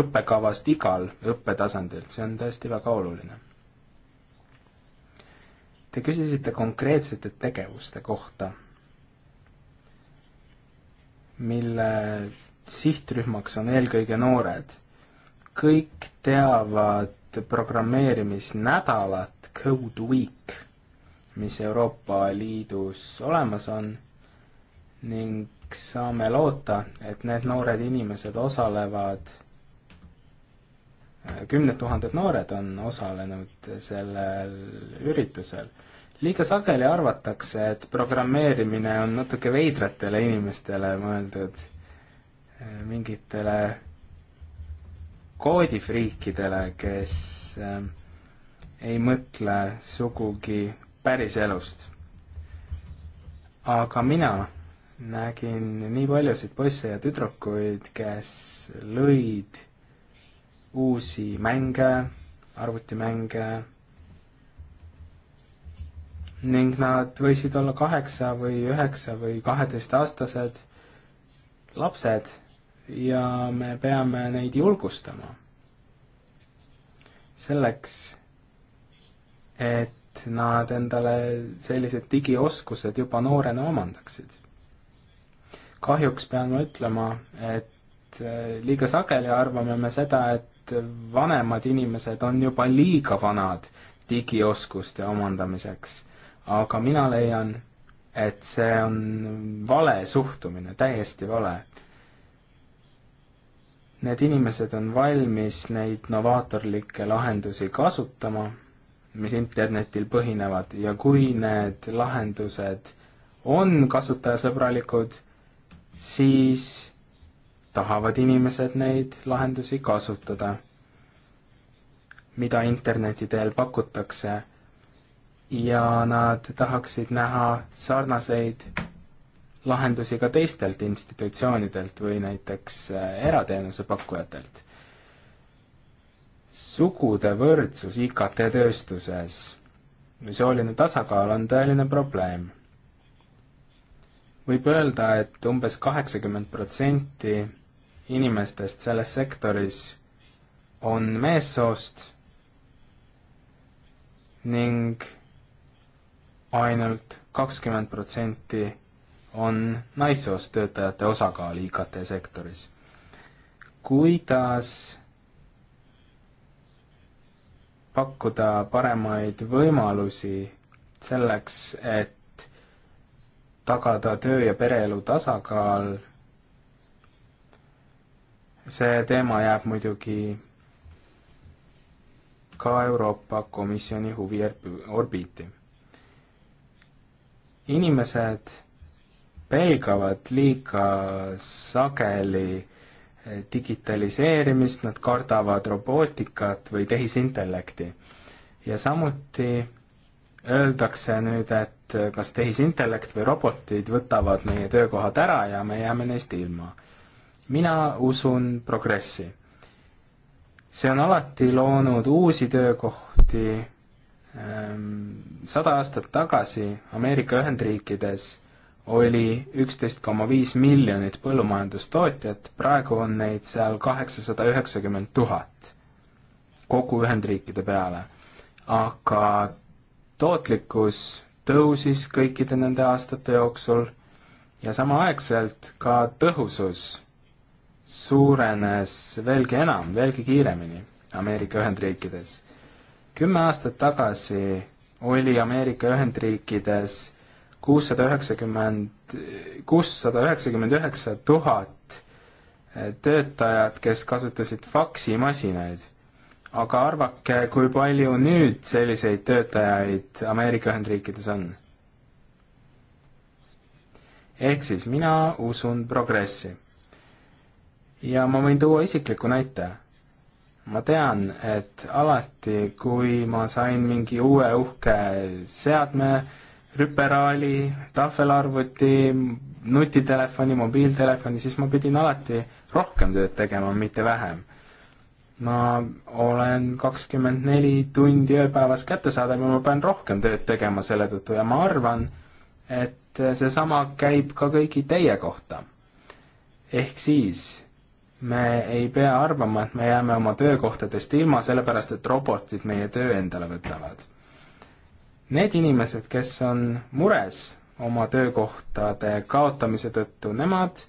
õppekavast igal õppetasandil, see on tõesti väga oluline. Te küsisite konkreetsete tegevuste kohta, mille sihtrühmaks on eelkõige noored. kõik teavad programmeerimisnädalat Code Week, mis Euroopa Liidus olemas on ning saame loota, et need noored inimesed osalevad kümned tuhanded noored on osalenud sellel üritusel. liiga sageli arvatakse, et programmeerimine on natuke veidratele inimestele mõeldud, eh, mingitele koodifriikidele, kes eh, ei mõtle sugugi päriselust. aga mina nägin nii paljusid poisse ja tüdrukuid, kes lõid uusi mänge, arvutimänge ning nad võisid olla kaheksa või üheksa või kaheteistaastased lapsed ja me peame neid julgustama selleks, et nad endale sellised digioskused juba noorena omandaksid. kahjuks pean ma ütlema, et eh, liiga sageli arvame me seda, et et vanemad inimesed on juba liiga vanad digioskuste omandamiseks. aga mina leian, et see on vale suhtumine, täiesti vale. Need inimesed on valmis neid novaatorlikke lahendusi kasutama, mis internetil põhinevad ja kui need lahendused on kasutajasõbralikud, siis tahavad inimesed neid lahendusi kasutada, mida interneti teel pakutakse ja nad tahaksid näha sarnaseid lahendusi ka teistelt institutsioonidelt või näiteks äh, erateenuse pakkujatelt. sugude võrdsus IKT-tööstuses või sooline tasakaal on tõeline probleem. võib öelda et, et umbes kaheksakümmend protsenti inimestest selles sektoris on meessoost ning ainult kakskümmend protsenti on naissoost töötajate osakaal IKT sektoris. kuidas pakkuda paremaid võimalusi selleks, et tagada töö ja pereelu tasakaal see teema jääb muidugi ka Euroopa Komisjoni huvi orbiiti. inimesed pelgavad liiga sageli eh, digitaliseerimist, nad kardavad robootikat või tehisintellekti. ja samuti öeldakse nüüd, et kas tehisintellekt või robotid võtavad meie töökohad ära ja me jääme neist ilma mina usun progressi. see on alati loonud uusi töökohti, ähm, sada aastat tagasi Ameerika Ühendriikides oli üksteist koma viis miljonit põllumajandustootjat, praegu on neid seal kaheksasada üheksakümmend tuhat kogu Ühendriikide peale. aga tootlikkus tõusis kõikide nende aastate jooksul ja samaaegselt ka tõhusus suurenes veelgi enam, veelgi kiiremini Ameerika Ühendriikides. kümme aastat tagasi oli Ameerika Ühendriikides kuussada üheksakümmend, kuussada üheksakümmend üheksa tuhat töötajat, kes kasutasid faksimasinaid aga arvake, kui palju nüüd selliseid töötajaid Ameerika Ühendriikides on? ehk siis mina usun progressi ja ma võin tuua isikliku näite. ma tean, et alati, kui ma sain mingi uue uhke seadme, rüperaali, tahvelarvuti, nutitelefoni, mobiiltelefoni, siis ma pidin alati rohkem tööd tegema, mitte vähem. ma olen kakskümmend neli tundi ööpäevas kättesaadav ja ma pean rohkem tööd tegema selle tõttu ja ma arvan, et seesama käib ka kõigi teie kohta. ehk siis me ei pea arvama, et me jääme oma töökohtadest ilma, sellepärast et robotid meie töö endale võtavad. Need inimesed, kes on mures oma töökohtade kaotamise tõttu, nemad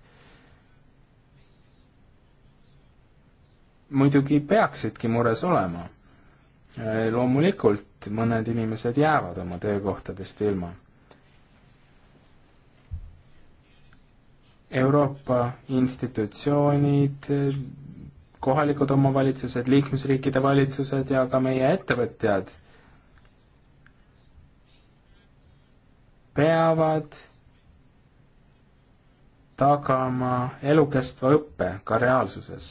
muidugi peaksidki mures olema. loomulikult mõned inimesed jäävad oma töökohtadest ilma Euroopa institutsioonid, kohalikud omavalitsused, liikmesriikide valitsused ja ka meie ettevõtjad peavad tagama elukestva õppe ka reaalsuses.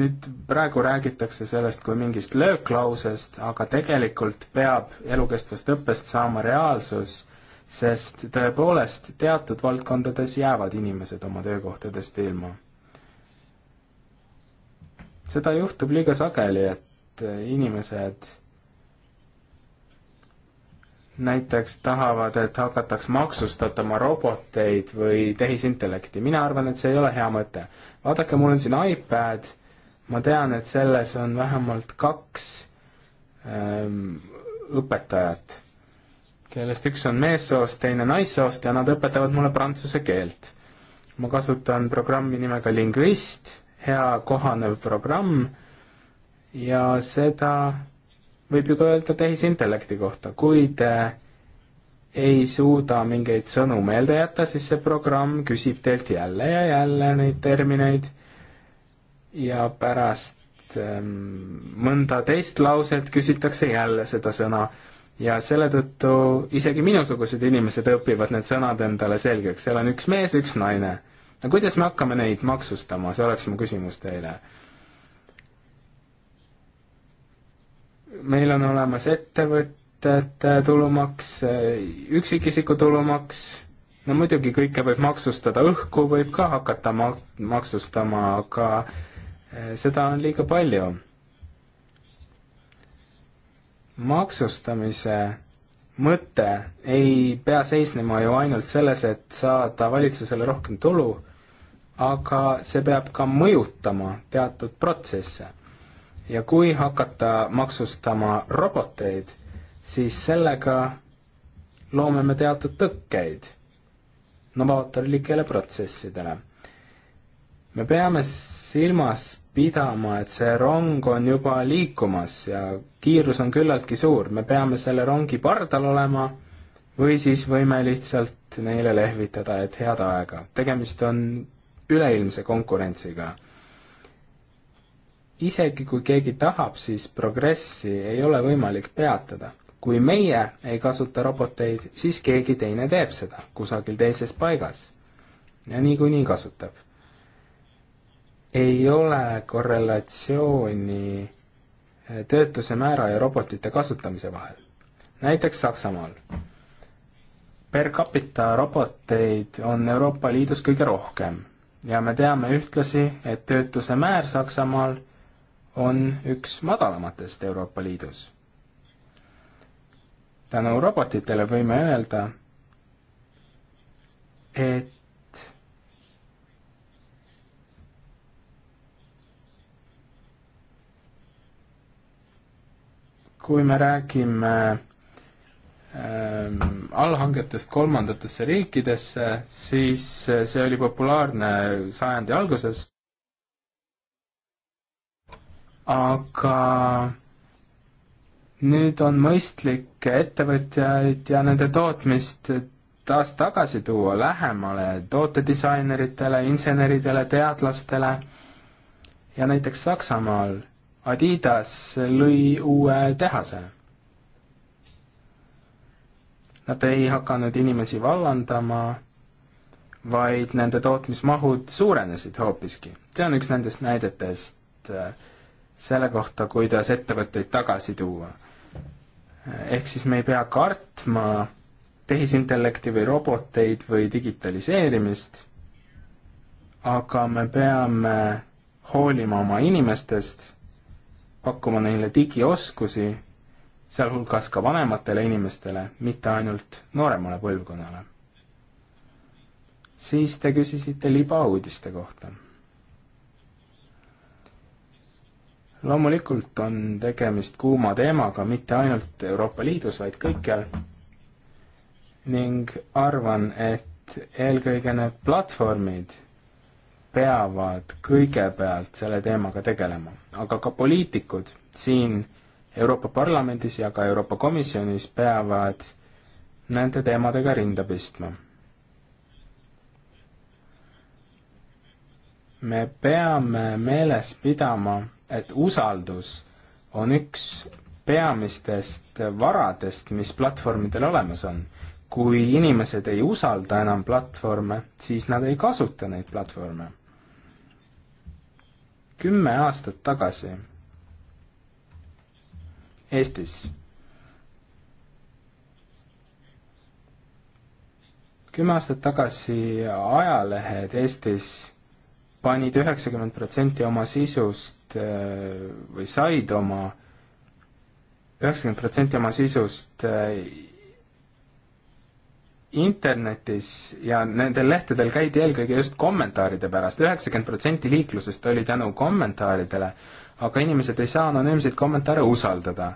nüüd praegu räägitakse sellest kui mingist lööklausest, aga tegelikult peab elukestvast õppest saama reaalsus sest tõepoolest teatud valdkondades jäävad inimesed oma töökohtadest ilma. seda juhtub liiga sageli, et inimesed näiteks tahavad, et hakataks maksustatama roboteid või tehisintellekti. mina arvan, et see ei ole hea mõte. vaadake, mul on siin iPad, ma tean, et selles on vähemalt kaks ähm, õpetajat kellest üks on meessoost, teine naissoost ja nad õpetavad mulle prantsuse keelt. ma kasutan programmi nimega Linguist, hea kohanev programm ja seda võib ju ka öelda tehisintellekti kohta, kui te ei suuda mingeid sõnu meelde jätta, siis see programm küsib teilt jälle ja jälle neid termineid ja pärast ähm, mõnda teist lauset küsitakse jälle seda sõna ja selle tõttu isegi minusugused inimesed õpivad need sõnad endale selgeks, seal on üks mees, üks naine. no kuidas me hakkame neid maksustama, see oleks mu küsimus teile. meil on olemas ettevõtete tulumaks, üksikisiku tulumaks, no muidugi kõike võib maksustada, õhku võib ka hakata ma-, maksustama, aga eh, seda on liiga palju maksustamise mõte ei pea seisnema ju ainult selles, et saada valitsusele rohkem tulu, aga see peab ka mõjutama teatud protsesse. ja kui hakata maksustama roboteid, siis sellega loome me teatud tõkkeid novaatorlikele protsessidele. me peame silmas pidama, et see rong on juba liikumas ja kiirus on küllaltki suur, me peame selle rongi pardal olema või siis võime lihtsalt neile lehvitada, et head aega. tegemist on üleilmse konkurentsiga. isegi kui keegi tahab, siis progressi ei ole võimalik peatada. kui meie ei kasuta roboteid, siis keegi teine teeb seda kusagil teises paigas ja niikuinii kasutab ei ole korrelatsiooni eh, töötuse määra ja robotite kasutamise vahel. näiteks Saksamaal. Per capita roboteid on Euroopa Liidus kõige rohkem ja me teame ühtlasi, et töötuse määr Saksamaal on üks madalamatest Euroopa Liidus. tänu robotitele võime öelda, et kui me räägime ähm, allhangetest kolmandatesse riikidesse, siis äh, see oli populaarne sajandi alguses. aga nüüd on mõistlik ettevõtjaid ja nende tootmist taas tagasi tuua lähemale tootedisaineritele, inseneridele, teadlastele ja näiteks Saksamaal Adidas lõi uue tehase. Nad ei hakanud inimesi vallandama, vaid nende tootmismahud suurenesid hoopiski. see on üks nendest näidetest äh, selle kohta, kuidas ettevõtteid tagasi tuua. ehk siis me ei pea kartma tehisintellekti või roboteid või digitaliseerimist, aga me peame hoolima oma inimestest pakkuma neile digioskusi, sealhulgas ka vanematele inimestele, mitte ainult nooremale põlvkonnale. siis te küsisite libauudiste kohta. loomulikult on tegemist kuuma teemaga mitte ainult Euroopa Liidus, vaid kõikjal ning arvan, et eelkõige need platvormid peavad kõigepealt selle teemaga tegelema, aga ka poliitikud siin Euroopa Parlamendis ja ka Euroopa Komisjonis peavad nende teemadega rinda pistma. me peame meeles pidama, et usaldus on üks peamistest varadest, mis platvormidel olemas on kui inimesed ei usalda enam platvorme, siis nad ei kasuta neid platvorme kümme aastat tagasi Eestis kümme aastat tagasi ajalehed Eestis panid üheksakümmend protsenti oma sisust äh, või said oma, üheksakümmend protsenti oma sisust äh, internetis ja nendel lehtedel käidi eelkõige just kommentaaride pärast, üheksakümmend protsenti liiklusest oli tänu kommentaaridele, aga inimesed ei saa anonüümseid kommentaare usaldada.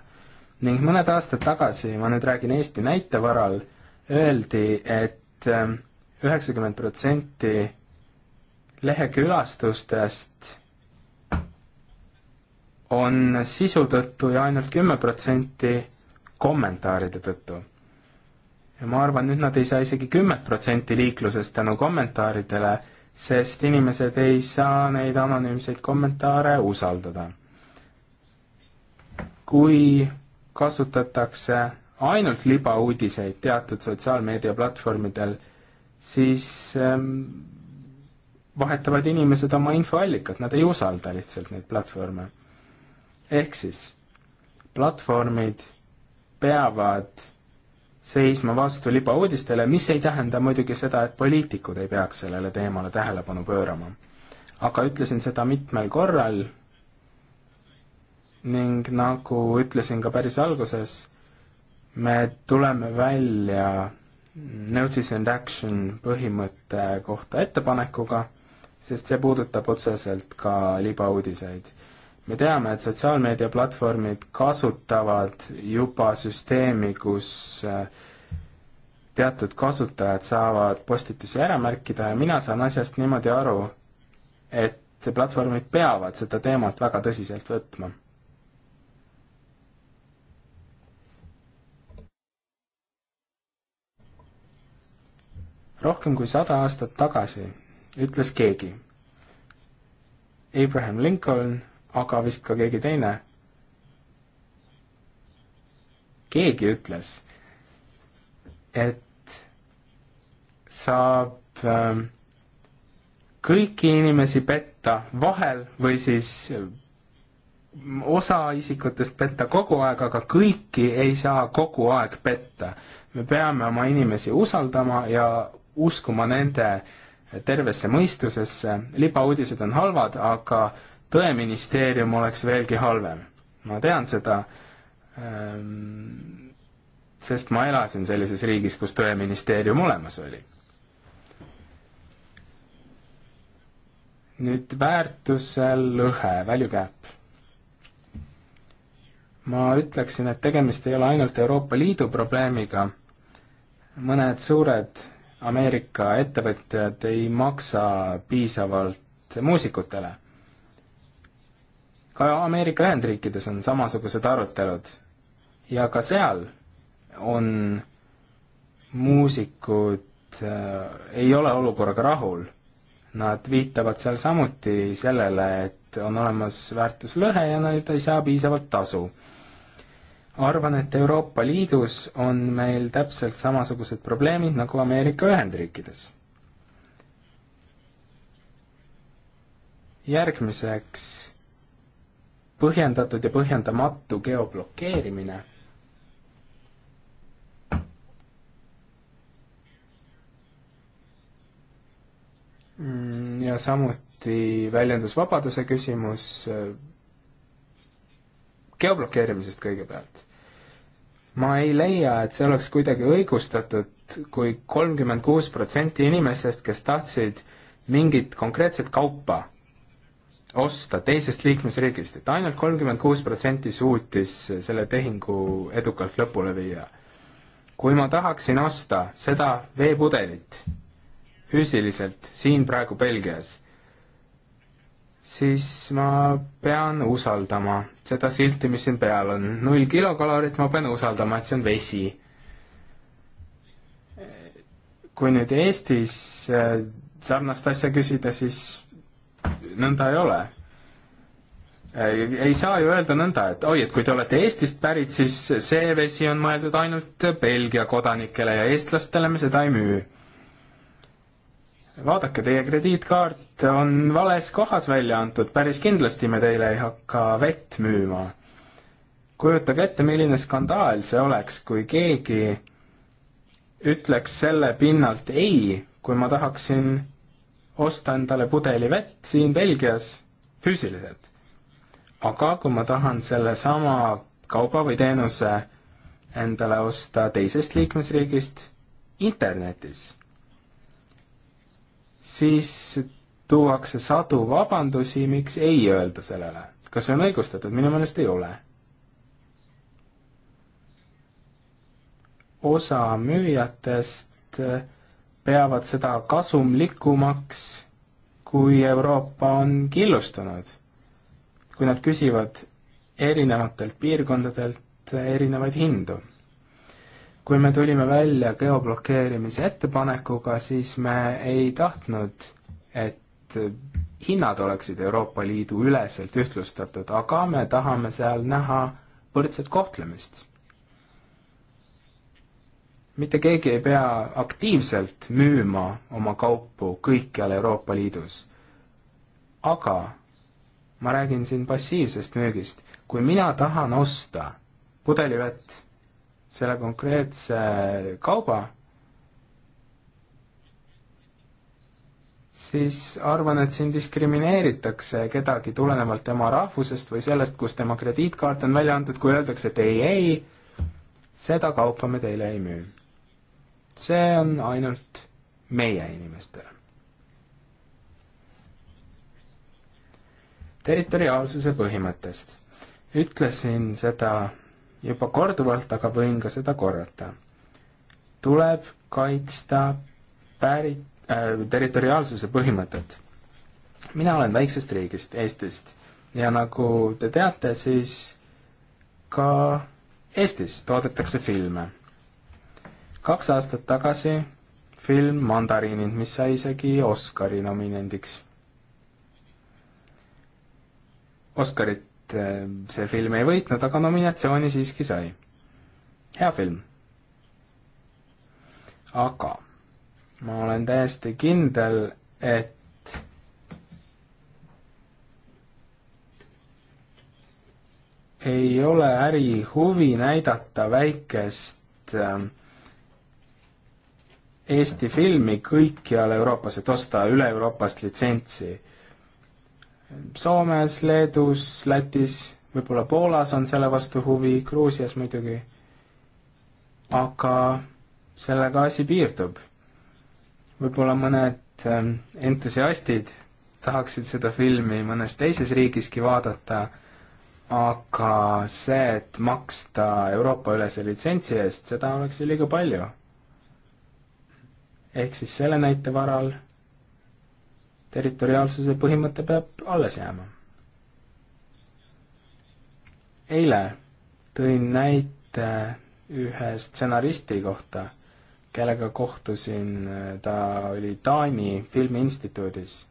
ning mõned aastad tagasi, ma nüüd räägin Eesti näite varal, öeldi et, et ähm, üheksakümmend protsenti lehekülastustest on sisu tõttu ja ainult kümme protsenti kommentaaride tõttu ja ma arvan, nüüd nad ei saa isegi kümmet protsenti liiklusest tänu kommentaaridele, sest inimesed ei saa neid anonüümseid kommentaare usaldada. kui kasutatakse ainult libauudiseid teatud sotsiaalmeediaplatvormidel, siis ähm, vahetavad inimesed oma infoallikat, nad ei usalda lihtsalt neid platvorme. ehk siis platvormid peavad seisma vastu libauudistele, mis ei tähenda muidugi seda, et poliitikud ei peaks sellele teemale tähelepanu pöörama. aga ütlesin seda mitmel korral ning nagu ütlesin ka päris alguses, me tuleme välja Notice and Action põhimõtte kohta ettepanekuga, sest see puudutab otseselt ka libauudiseid me teame, et sotsiaalmeediaplatvormid kasutavad juba süsteemi, kus äh, teatud kasutajad saavad postitusi ära märkida ja mina saan asjast niimoodi aru, et platvormid peavad seda teemat väga tõsiselt võtma rohkem kui sada aastat tagasi ütles keegi. Abraham Lincoln aga vist ka keegi teine. keegi ütles, et saab äh, kõiki inimesi petta vahel või siis ähm, osa isikutest petta kogu aeg, aga kõiki ei saa kogu aeg petta. me peame oma inimesi usaldama ja uskuma nende tervesse mõistusesse, libauudised on halvad, aga tõeministeerium oleks veelgi halvem. ma tean seda, ähm, sest ma elasin sellises riigis, kus tõeministeerium olemas oli. nüüd väärtuse lõhe, value gap. ma ütleksin, et tegemist ei ole ainult Euroopa Liidu probleemiga, mõned suured Ameerika ettevõtjad ei maksa piisavalt muusikutele ka Ameerika Ühendriikides on samasugused arutelud ja ka seal on muusikud äh,, ei ole olukorraga rahul. Nad viitavad seal samuti sellele, et on olemas väärtuslõhe ja nad ei saa piisavalt tasu. arvan, et Euroopa Liidus on meil täpselt samasugused probleemid nagu Ameerika Ühendriikides. järgmiseks põhjendatud ja põhjendamatu geoblokeerimine mm, ja samuti väljendusvabaduse küsimus äh, geoblokeerimisest kõigepealt. ma ei leia, et see oleks kuidagi õigustatud kui, kui kolmkümmend kuus protsenti inimestest, kes tahtsid mingit konkreetset kaupa osta teisest liikmesriigist, et ainult kolmkümmend kuus protsenti suutis selle tehingu edukalt lõpule viia. kui ma tahaksin osta seda veepudelit füüsiliselt siin praegu Belgias, siis ma pean usaldama seda silti, mis siin peal on. null kilokalorit ma pean usaldama, et see on vesi. kui nüüd Eestis äh, sarnast asja küsida, siis nõnda ei ole. ei saa ju öelda nõnda, et oi, et kui te olete Eestist pärit, siis see vesi on mõeldud ainult Belgia kodanikele ja eestlastele me seda ei müü. vaadake, teie krediitkaart on vales kohas välja antud, päris kindlasti me teile ei hakka vett müüma. kujutage ette, milline skandaal see oleks, kui keegi ütleks selle pinnalt ei, kui ma tahaksin osta endale pudeli vett siin Belgias füüsiliselt. aga kui ma tahan sellesama kauba või teenuse endale osta teisest liikmesriigist internetis, siis tuuakse sadu vabandusi, miks ei öelda sellele. kas see on õigustatud, minu meelest ei ole. osa müüjatest äh, peavad seda kasumlikumaks, kui Euroopa on killustunud. kui nad küsivad erinevatelt piirkondadelt erinevaid hindu. kui me tulime välja geoblokeerimise ettepanekuga, siis me ei tahtnud, et hinnad oleksid Euroopa Liidu üleselt ühtlustatud, aga me tahame seal näha võrdset kohtlemist mitte keegi ei pea aktiivselt müüma oma kaupu kõikjal Euroopa Liidus. aga ma räägin siin passiivsest müügist. kui mina tahan osta pudelivett selle konkreetse kauba, siis arvan, et siin diskrimineeritakse kedagi tulenevalt tema rahvusest või sellest, kus tema krediitkaart on välja antud, kui öeldakse, et ei, ei, seda kaupa me teile ei müü see on ainult meie inimestele. territoriaalsuse põhimõttest. ütlesin seda juba korduvalt, aga võin ka seda korrata. tuleb kaitsta pärit äh,, territoriaalsuse põhimõtet. mina olen väiksest riigist, Eestist ja nagu te teate, siis ka Eestis toodetakse filme kaks aastat tagasi film Mandariinid, mis sai isegi Oscari nominendiks. Oscarit äh, see film ei võitnud, aga nominatsiooni siiski sai. hea film. aga ma olen täiesti kindel, et ei ole ärihuvi näidata väikest äh, Eesti filmi kõikjal Euroopas, et osta üle Euroopast litsentsi. Soomes, Leedus, Lätis, võib-olla Poolas on selle vastu huvi, Gruusias muidugi, aga sellega asi piirdub. võib-olla mõned ähm, entusiastid tahaksid seda filmi mõnes teises riigiski vaadata, aga see, et maksta Euroopa-ülese litsentsi eest, seda oleks ju liiga palju ehk siis selle näite varal territoriaalsuse põhimõte peab alles jääma. eile tõin näite ühe stsenaristi kohta, kellega kohtusin, ta oli Taani Filmiinstituudis.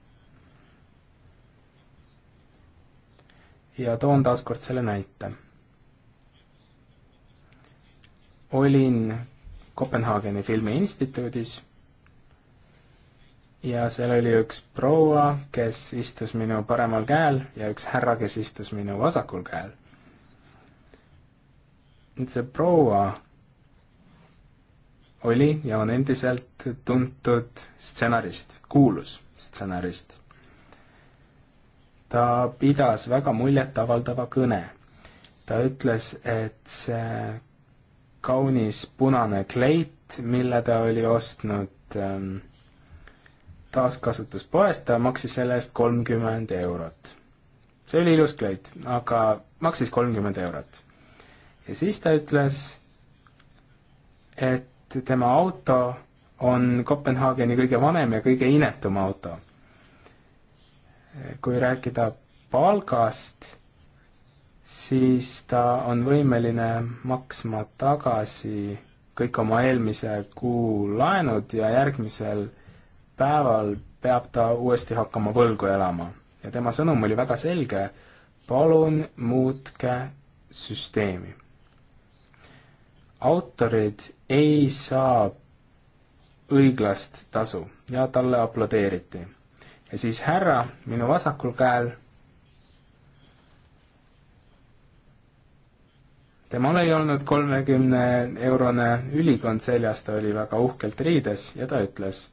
ja toon taas kord selle näite. olin Kopenhaageni Filmiinstituudis ja seal oli üks proua, kes istus minu paremal käel ja üks härra, kes istus minu vasakul käel. nüüd see proua oli ja on endiselt tuntud stsenarist, kuulus stsenarist. ta pidas väga muljetavaldava kõne. ta ütles, et see kaunis punane kleit, mille ta oli ostnud ähm, taaskasutuspoest, ta maksis selle eest kolmkümmend eurot. see oli ilus kleit, aga maksis kolmkümmend eurot. ja siis ta ütles, et tema auto on Kopenhaageni kõige vanem ja kõige inetum auto. kui rääkida palgast, siis ta on võimeline maksma tagasi kõik oma eelmise kuu laenud ja järgmisel päeval peab ta uuesti hakkama võlgu elama. ja tema sõnum oli väga selge, palun muutke süsteemi. autorid ei saa õiglast tasu ja talle aplodeeriti. ja siis härra minu vasakul käel, temal ei olnud kolmekümne eurone ülikond seljas, ta oli väga uhkelt riides ja ta ütles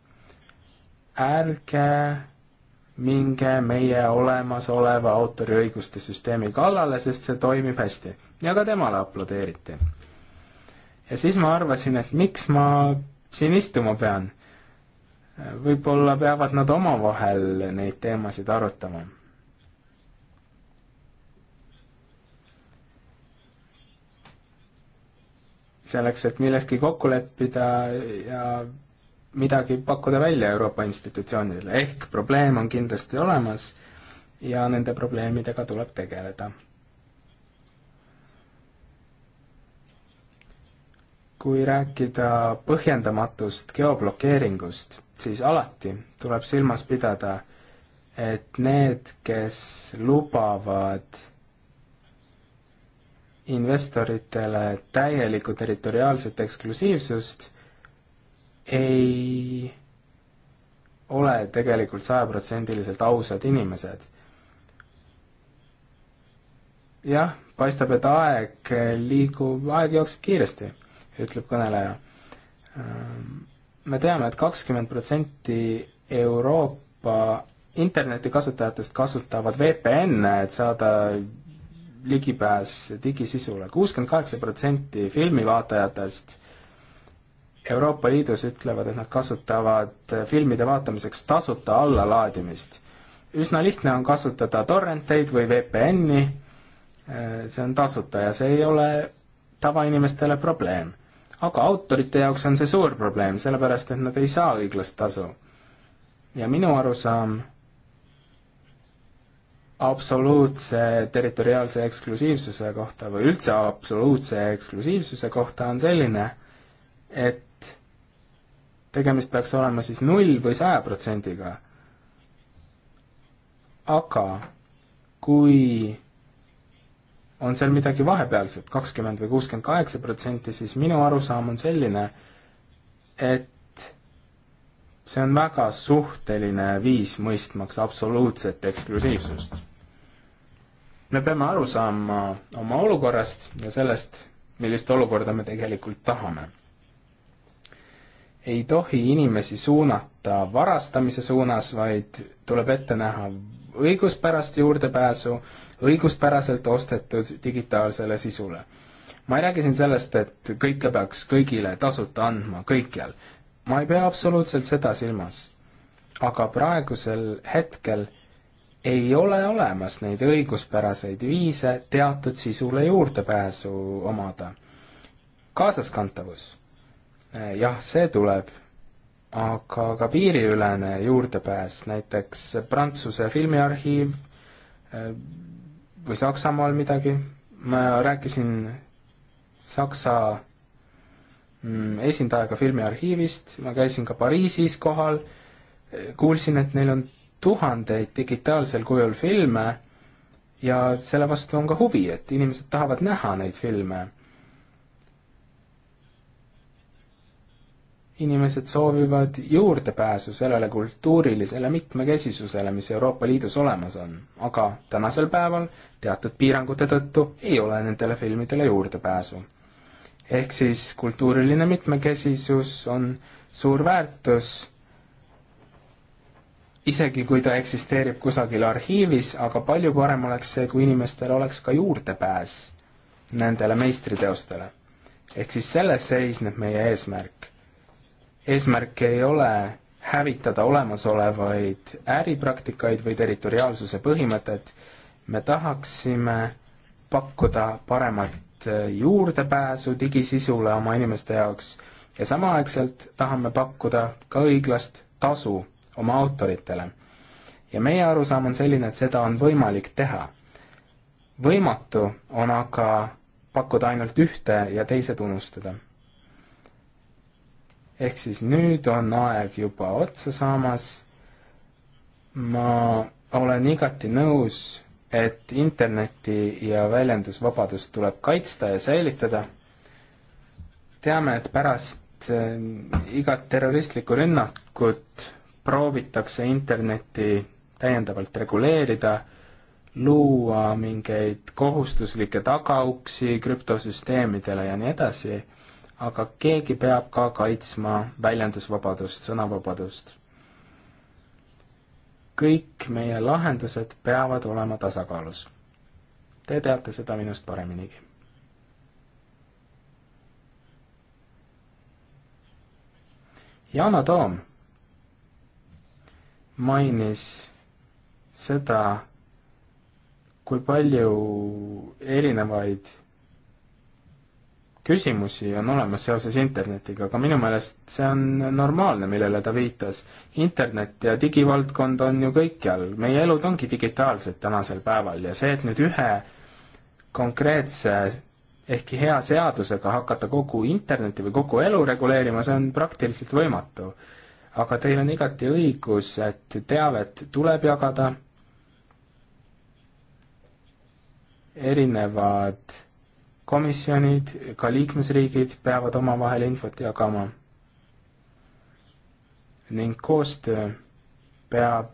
ärge minge meie olemasoleva autoriõiguste süsteemi kallale, sest see toimib hästi. ja ka temale aplodeeriti. ja siis ma arvasin, et miks ma siin istuma pean. võib-olla peavad nad omavahel neid teemasid arutama. selleks, et milleski kokku leppida ja midagi pakkuda välja Euroopa institutsioonidele, ehk probleem on kindlasti olemas ja nende probleemidega tuleb tegeleda. kui rääkida põhjendamatust geoblokeeringust, siis alati tuleb silmas pidada, et need, kes lubavad investoritele täielikku territoriaalset eksklusiivsust, ei ole tegelikult sajaprotsendiliselt ausad inimesed. jah, paistab, et aeg liigub, aeg jookseb kiiresti, ütleb kõneleja. me teame et, et kakskümmend protsenti Euroopa internetikasutajatest kasutavad VPN-e, et saada ligipääs digisisule. kuuskümmend kaheksa protsenti filmivaatajatest Euroopa Liidus ütlevad, et nad kasutavad eh, filmide vaatamiseks tasuta allalaadimist. üsna lihtne on kasutada torrenteid või VPN-i, eh, see on tasuta ja see ei ole tavainimestele probleem. aga autorite jaoks on see suur probleem, sellepärast et nad ei saa õiglast tasu. ja minu arusaam absoluutse territoriaalse eksklusiivsuse kohta või üldse absoluutse eksklusiivsuse kohta on selline, et tegemist peaks olema siis null või saja protsendiga. aga kui on seal midagi vahepealset, kakskümmend või kuuskümmend kaheksa protsenti, siis minu arusaam on selline, et see on väga suhteline viis mõistmaks absoluutset eksklusiivsust. me peame aru saama oma olukorrast ja sellest, millist olukorda me tegelikult tahame ei tohi inimesi suunata varastamise suunas, vaid tuleb ette näha õiguspärast juurdepääsu õiguspäraselt ostetud digitaalsele sisule. ma ei räägi siin sellest, et kõike peaks kõigile tasuta andma kõikjal. ma ei pea absoluutselt seda silmas. aga praegusel hetkel ei ole olemas neid õiguspäraseid viise teatud sisule juurdepääsu omada. kaasaskantavus Äh, jah, see tuleb, aga ka piiriülene juurdepääs, näiteks Prantsuse filmiarhiiv äh, või Saksamaal midagi, ma rääkisin Saksa mm, esindajaga filmiarhiivist, ma käisin ka Pariisis kohal, äh, kuulsin, et neil on tuhandeid digitaalsel kujul filme ja selle vastu on ka huvi, et inimesed tahavad näha neid filme inimesed soovivad juurdepääsu sellele kultuurilisele mitmekesisusele, mis Euroopa Liidus olemas on, aga tänasel päeval teatud piirangute tõttu ei ole nendele filmidele juurdepääsu. ehk siis kultuuriline mitmekesisus on suur väärtus, isegi kui ta eksisteerib kusagil arhiivis, aga palju parem oleks see, kui inimestel oleks ka juurdepääs nendele meistriteostele. ehk siis selles seisneb meie eesmärk eesmärk ei ole hävitada olemasolevaid äripraktikaid või territoriaalsuse põhimõtet, me tahaksime pakkuda paremat äh, juurdepääsu digisisule oma inimeste jaoks ja samaaegselt tahame pakkuda ka õiglast tasu oma autoritele. ja meie arusaam on selline, et seda on võimalik teha. võimatu on aga pakkuda ainult ühte ja teised unustada ehk siis nüüd on aeg juba otsa saamas. ma olen igati nõus, et interneti ja väljendusvabadust tuleb kaitsta ja säilitada. teame, et pärast äh, igat terroristlikku rünnakut proovitakse internetti täiendavalt reguleerida, luua mingeid kohustuslikke tagauksi krüptosüsteemidele ja nii edasi aga keegi peab ka kaitsma väljendusvabadust, sõnavabadust. kõik meie lahendused peavad olema tasakaalus. Te teate seda minust pareminigi. Yana Toom mainis seda, kui palju erinevaid küsimusi on olemas seoses internetiga, aga minu meelest see on normaalne, millele ta viitas. internet ja digivaldkond on ju kõikjal, meie elud ongi digitaalsed tänasel päeval ja see, et nüüd ühe konkreetse ehkki hea seadusega hakata kogu interneti või kogu elu reguleerima, see on praktiliselt võimatu. aga teil on igati õigus, et teavet tuleb jagada, erinevad komisjonid, ka liikmesriigid peavad omavahel infot jagama. ning koostöö peab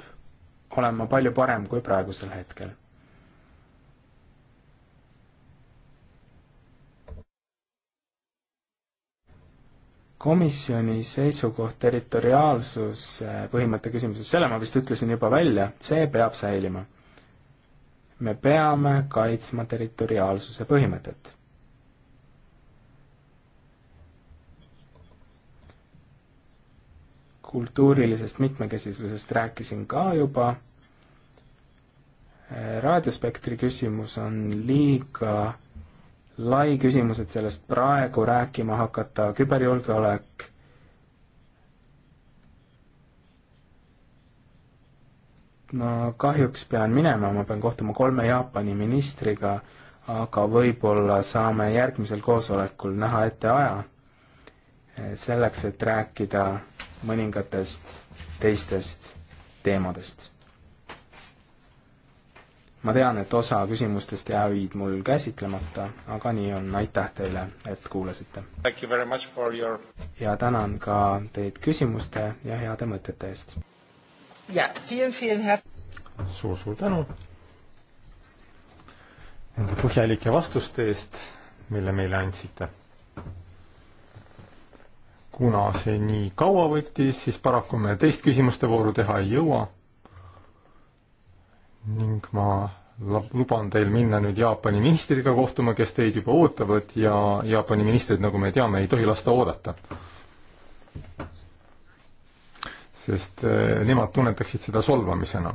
olema palju parem kui praegusel hetkel. komisjoni seisukoht territoriaalsuse põhimõtte küsimuses, selle ma vist ütlesin juba välja, see peab säilima. me peame kaitsma territoriaalsuse põhimõtet kultuurilisest mitmekesisusest rääkisin ka juba, raadiospektri küsimus on liiga lai küsimus, et sellest praegu rääkima hakata, küberjulgeolek, ma kahjuks pean minema, ma pean kohtuma kolme Jaapani ministriga, aga võib-olla saame järgmisel koosolekul näha ette aja eh, selleks, et rääkida mõningatest teistest teemadest. ma tean, et osa küsimustest jäid mul käsitlemata, aga nii on, aitäh teile, et kuulasite! Your... ja tänan ka teid küsimuste ja heade mõtete eest! suur-suur tänu nende põhjalike vastuste eest, mille meile andsite kuna see nii kaua võttis, siis paraku me teist küsimuste vooru teha ei jõua. ning ma luban teil minna nüüd Jaapani ministriga kohtuma, kes teid juba ootavad ja Jaapani ministrid, nagu me teame, ei tohi lasta oodata. sest eh, nemad tunnetaksid seda solvamisena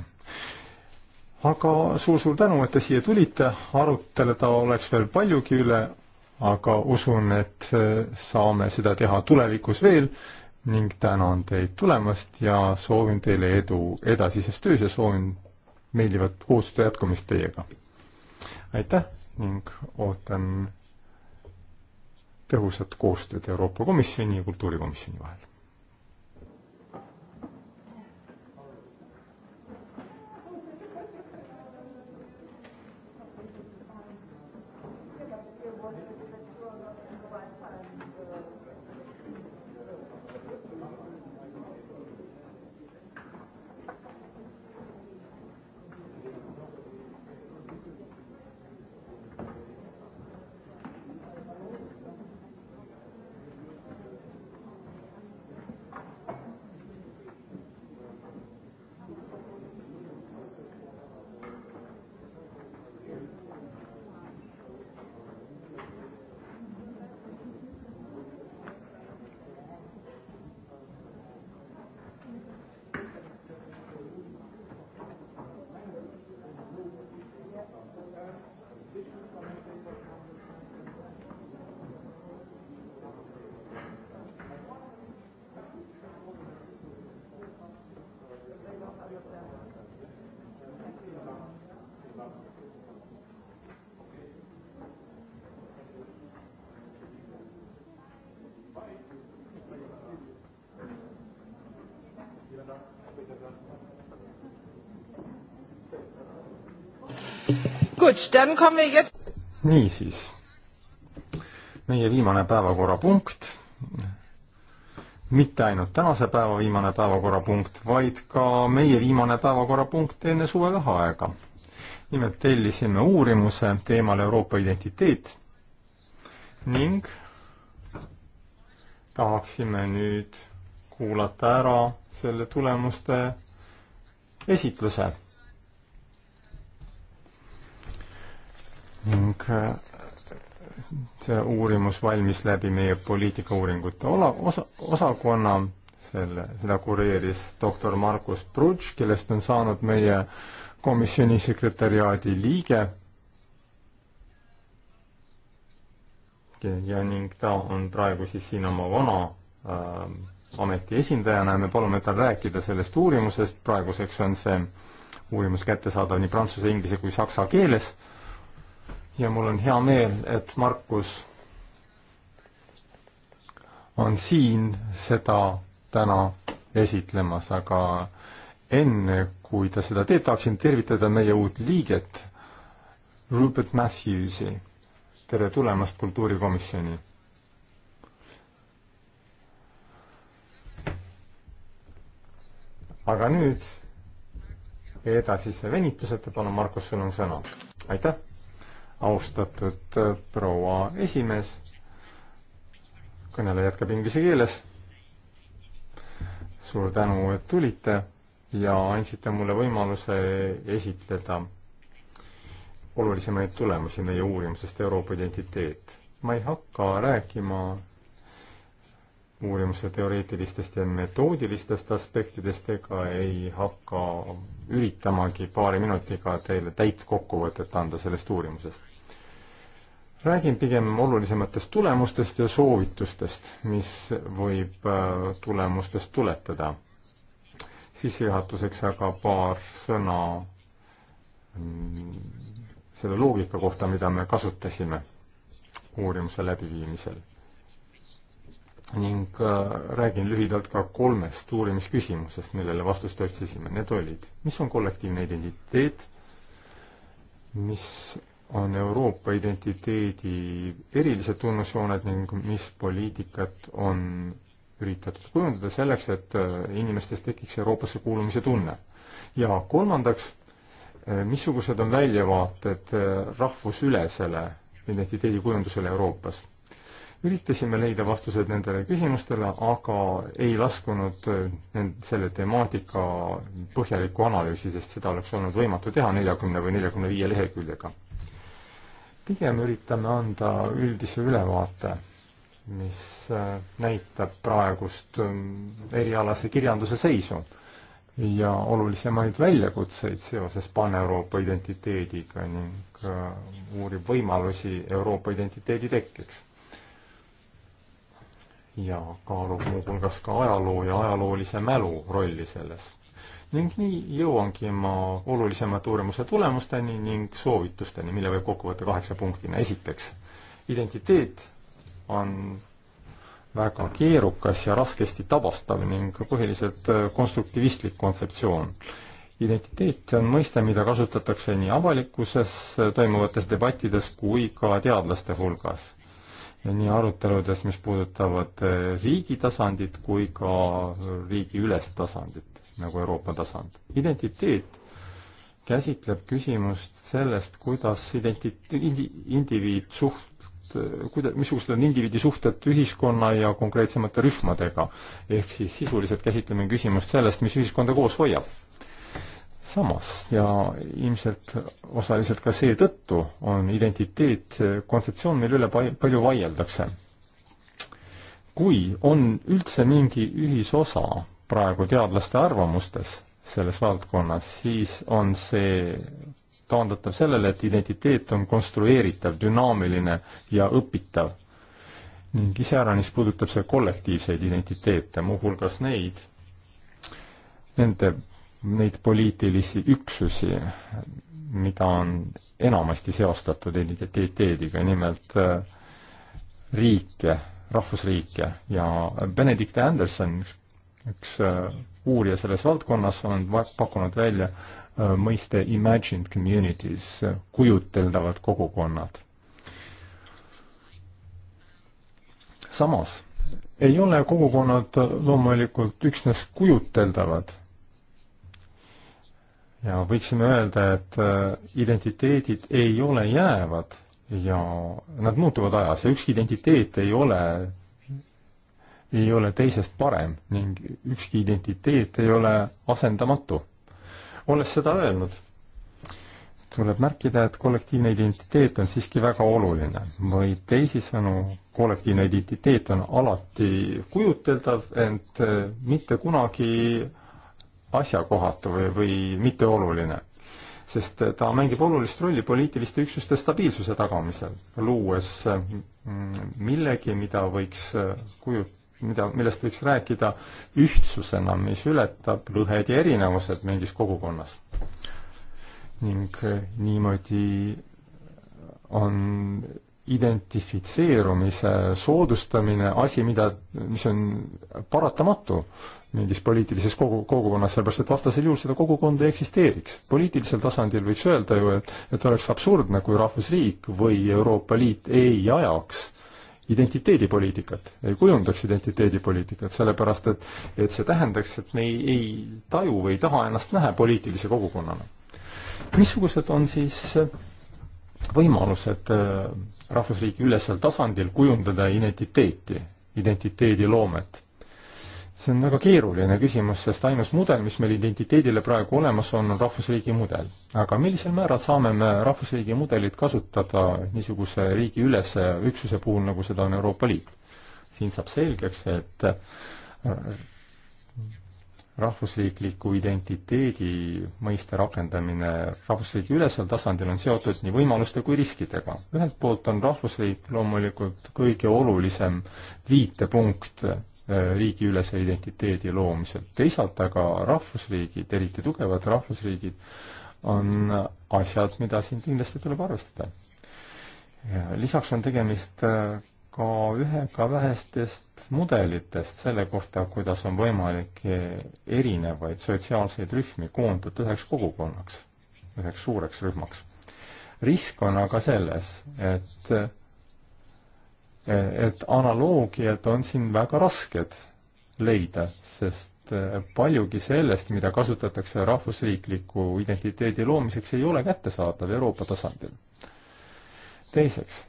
aga suur-suur tänu, et te siia tulite, arutleda oleks veel paljugi üle, aga usun, et äh, saame seda teha tulevikus veel ning tänan teid tulemast ja soovin teile edu edasises töös ja soovin meeldivat koostöö jätkumist teiega. aitäh ning ootan tõhusat koostööd Euroopa Komisjoni ja Kultuurikomisjoni vahel. niisiis, meie viimane päevakorrapunkt, mitte ainult tänase päeva viimane päevakorrapunkt, vaid ka meie viimane päevakorrapunkt enne suvevaheaega. nimelt tellisime uurimuse teemal Euroopa identiteet ning tahaksime nüüd kuulata ära selle tulemuste esitluse ning äh, see uurimus valmis läbi meie poliitikauuringute ola-, osa, osakonna, selle, seda kureeris doktor Markus Prutš, kellest on saanud meie komisjoni sekretäriaadi liige. ja ning ta on praegu siis siin oma vana äh, ameti esindajana ja me palume tal rääkida sellest uurimusest, praeguseks on see uurimus kättesaadav nii prantsuse, inglise kui saksa keeles äh, ja mul on hea meel, et Markus on siin seda täna esitlemas, aga enne, kui ta seda teeb, tahaksin tervitada meie uut liiget, Rupert Matthewsi. tere tulemast Kultuurikomisjoni! aga nüüd edasise venituseta, palun, Markus, sul on sõna. aitäh! austatud äh, proua esimees. kõneleja jätkab inglise keeles. suur tänu, et tulite ja andsite mulle võimaluse esitleda olulisemaid tulemusi meie uurimusest Euroopa identiteet. ma ei hakka rääkima uurimuse teoreetilistest ja metoodilistest aspektidest ega ei hakka üritamagi paari minutiga teile täit kokkuvõtet anda sellest uurimusest räägin pigem olulisematest tulemustest ja soovitustest, mis võib äh, tulemustest tuletada. sissejuhatuseks aga paar sõna mm, selle loogika kohta, mida me kasutasime uurimuse läbiviimisel. ning äh, räägin lühidalt ka kolmest uurimisküsimusest, millele vastust otsisime. Need olid, mis on kollektiivne identiteet, mis on Euroopa identiteedi erilised tunnusjooned ning mis poliitikat on üritatud kujundada selleks, et äh, inimestes tekiks Euroopasse kuulumise tunne. ja kolmandaks, äh, missugused on väljavaated äh, rahvusülesele identiteedikujundusele Euroopas? üritasime leida vastused nendele küsimustele, aga ei laskunud selle temaatika põhjalikku analüüsi, sest seda oleks olnud võimatu teha neljakümne või neljakümne viie leheküljega pigem üritame anda üldise ülevaate, mis äh, näitab praegust ähm, erialase kirjanduse seisu ja olulisemaid väljakutseid seoses Pan-Euroopa identiteediga ning äh, uurib võimalusi Euroopa identiteedi tekkeks. ja kaalub muuhulgas ka ajaloo ja ajaloolise mälu rolli selles ning nii jõuangi ma olulisemate uurimuse tulemusteni ning soovitusteni, mille võib kokku võtta kaheksa punktina. esiteks, identiteet on väga keerukas ja raskesti tabastav ning põhiliselt äh, konstruktivistlik kontseptsioon. identiteet on mõiste, mida kasutatakse nii avalikkuses äh, toimuvates debattides kui ka teadlaste hulgas. nii aruteludes, mis puudutavad äh, riigi tasandit kui ka riigiülest tasandit nagu Euroopa tasand. identiteet käsitleb küsimust sellest, kuidas identit-, indi-, indiviid suht-, kuida-, missugused on indiviidi suhted ühiskonna ja konkreetsemate rühmadega. ehk siis sisuliselt käsitleme küsimust sellest, mis ühiskonda koos hoiab. samas ja ilmselt osaliselt ka seetõttu on identiteet kontseptsioon, mille üle palju vaieldakse. kui on üldse mingi ühisosa praegu teadlaste arvamustes selles valdkonnas, siis on see taandatav sellele, et identiteet on konstrueeritav, dünaamiline ja õpitav. ning iseäranis puudutab see kollektiivseid identiteete, muuhulgas neid, nende, neid poliitilisi üksusi, mida on enamasti seostatud identiteediga, nimelt äh, riike, rahvusriike ja Benedict Anderson, üks üks äh, uurija selles valdkonnas on pakkunud välja äh, mõiste imagined communities, kujuteldavad kogukonnad. samas ei ole kogukonnad äh, loomulikult üksnes kujuteldavad. ja võiksime öelda, et identiteedid ei ole jäävad ja nad muutuvad ajas ja ükski identiteet ei ole ei ole teisest parem ning ükski identiteet ei ole asendamatu. olles seda öelnud, tuleb märkida, et kollektiivne identiteet on siiski väga oluline või teisisõnu, kollektiivne identiteet on alati kujuteldav, ent äh, mitte kunagi asjakohatu või, või mitteoluline. sest äh, ta mängib olulist rolli poliitiliste üksuste stabiilsuse tagamisel, luues äh, millegi, mida võiks kujut-, mida, millest võiks rääkida ühtsusena, mis ületab lõhed ja erinevused mingis kogukonnas. ning eh, niimoodi on identifitseerumise soodustamine asi, mida, mis on paratamatu mingis poliitilises kogu, kogukonnas, sellepärast et vastasel juhul seda kogukonda ei eksisteeriks. poliitilisel tasandil võiks öelda ju, et, et oleks absurdne, kui rahvusriik või Euroopa Liit ei ajaks äh, identiteedipoliitikat, ei kujundaks identiteedipoliitikat, sellepärast et, et see tähendaks, et me ei, ei taju või ei taha ennast näha poliitilise kogukonnana. missugused on siis võimalused äh, rahvusriigi ülesel tasandil kujundada identiteeti, identiteediloomet? see on väga keeruline küsimus, sest ainus mudel, mis meil identiteedile praegu olemas on, on rahvusriigi mudel. aga millisel määral saame me rahvusriigi mudelit kasutada niisuguse riigiülese üksuse puhul, nagu seda on Euroopa Liit? siin saab selgeks, et äh, rahvusriikliku identiteedi mõiste rakendamine rahvusriigi ülesel tasandil on seotud nii võimaluste kui riskidega. ühelt poolt on rahvusriik loomulikult kõige olulisem viitepunkt Äh, riigiülese identiteedi loomisel. teisalt aga rahvusriigid, eriti tugevad rahvusriigid, on asjad, mida siin kindlasti tuleb arvestada. lisaks on tegemist äh, ka ühega vähestest mudelitest selle kohta, kuidas on võimalik äh, erinevaid sotsiaalseid rühmi koondada üheks kogukonnaks, üheks suureks rühmaks. risk on aga selles, et et analoogiad on siin väga rasked leida, sest eh, paljugi sellest, mida kasutatakse rahvusriikliku identiteedi loomiseks, ei ole kättesaadav Euroopa tasandil. teiseks,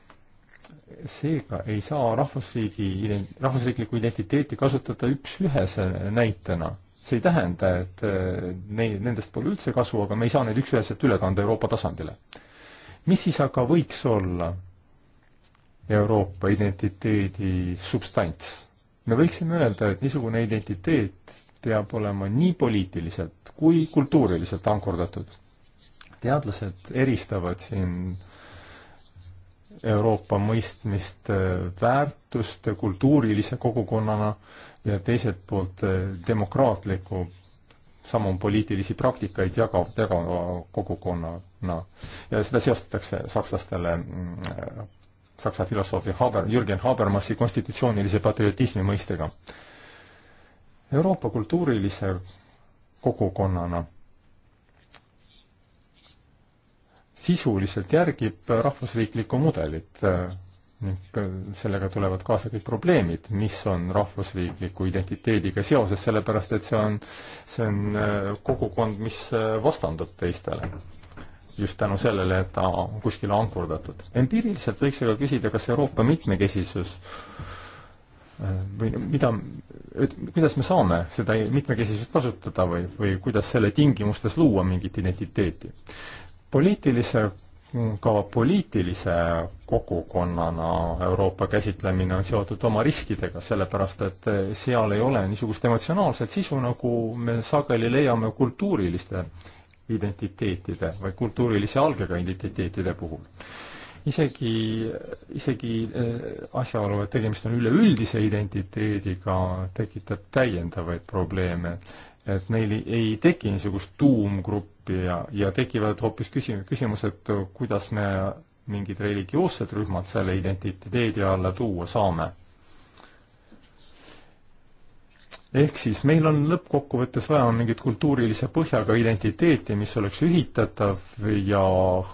seega ei saa rahvusriigi, rahvusriiklikku identiteeti kasutada üks-ühese eh, näitena. see ei tähenda, et eh, neid, nendest pole üldse kasu, aga me ei saa neid üks-üheselt üle kanda Euroopa tasandile. mis siis aga võiks olla Euroopa identiteedi substants. me võiksime öelda, et niisugune identiteet peab olema nii poliitiliselt kui kultuuriliselt ankurdatud. teadlased eristavad siin Euroopa mõistmist äh, väärtuste kultuurilise kogukonnana ja teiselt poolt äh, demokraatliku, samu poliitilisi praktikaid jagav, jagava kogukonnana. ja seda seostatakse sakslastele mm, saksa filosoofi Haber, Jürgen Habermasi konstitutsioonilise patriotismi mõistega. Euroopa kultuurilise kogukonnana sisuliselt järgib rahvusriiklikku mudelit äh, ning äh, sellega tulevad kaasa kõik probleemid, mis on rahvusriikliku identiteediga seoses, sellepärast et see on, see on äh, kogukond, mis vastandub teistele just tänu sellele, et ta on kuskile ankurdatud. empiiriliselt võiks aga küsida, kas Euroopa mitmekesisus äh, või mida, kuidas me saame seda mitmekesisust kasutada või, või kuidas selle tingimustes luua mingit identiteeti. poliitilise, ka poliitilise kogukonnana Euroopa käsitlemine on seotud oma riskidega, sellepärast et äh, seal ei ole niisugust emotsionaalset sisu, nagu me sageli leiame kultuuriliste identiteetide või kultuurilise algega identiteetide puhul. isegi, isegi äh, asjaolu, et tegemist on üleüldise identiteediga, tekitab täiendavaid probleeme. et neil ei teki niisugust tuumgruppi ja, ja tekivad hoopis küsim-, küsimused, kuidas me mingid religioossed rühmad selle identiteedi alla tuua saame ehk siis meil on lõppkokkuvõttes vaja mingit kultuurilise põhjaga identiteeti, mis oleks ühitatav ja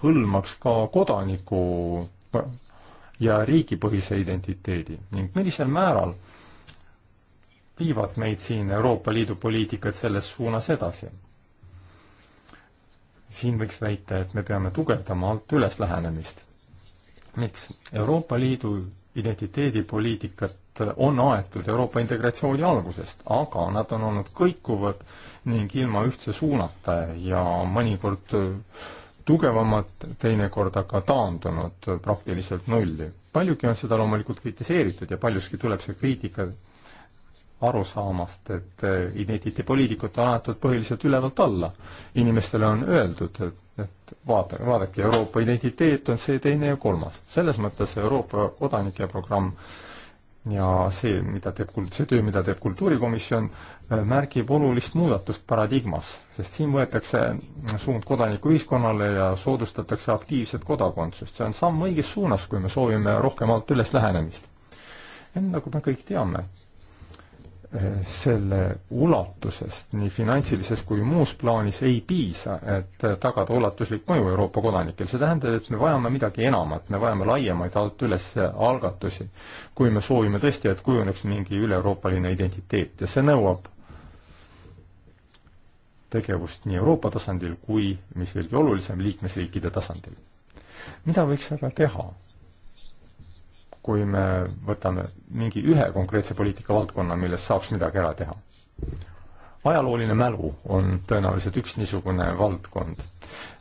hõlmaks ka kodaniku ja riigipõhise identiteedi ning millisel määral viivad meid siin Euroopa Liidu poliitikad selles suunas edasi. siin võiks väita, et me peame tugevdama alt üles lähenemist. miks? Euroopa Liidu identiteedipoliitikat on aetud Euroopa integratsiooni algusest, aga nad on olnud kõikuvad ning ilma ühtse suunata ja mõnikord tugevamad, teinekord aga taandunud praktiliselt nulli. paljugi on seda loomulikult kritiseeritud ja paljuski tuleb see kriitika arusaamast, et identiteedipoliitikat on aetud põhiliselt ülevalt alla. inimestele on öeldud, et et vaata, vaadake, Euroopa identiteet on see, teine ja kolmas. selles mõttes Euroopa kodanike programm ja see, mida teeb kult-, see töö, mida teeb Kultuurikomisjon, äh, märgib olulist muudatust paradigmas, sest siin võetakse suund kodanikuühiskonnale ja soodustatakse aktiivset kodakondsust. see on samm õiges suunas, kui me soovime rohkem alt üles lähenemist. enne kui nagu me kõik teame, selle ulatusest nii finantsilises kui muus plaanis ei piisa, et tagada ulatuslik mõju Euroopa kodanikel. see tähendab, et me vajame midagi enamat, me vajame laiemaid alt üles algatusi, kui me soovime tõesti, et kujuneks mingi üle-euroopaline identiteet ja see nõuab tegevust nii Euroopa tasandil kui, mis veelgi olulisem, liikmesriikide tasandil. mida võiks aga teha kui me võtame mingi ühe konkreetse poliitikavaldkonna, milles saaks midagi ära teha. ajalooline mälu on tõenäoliselt üks niisugune valdkond,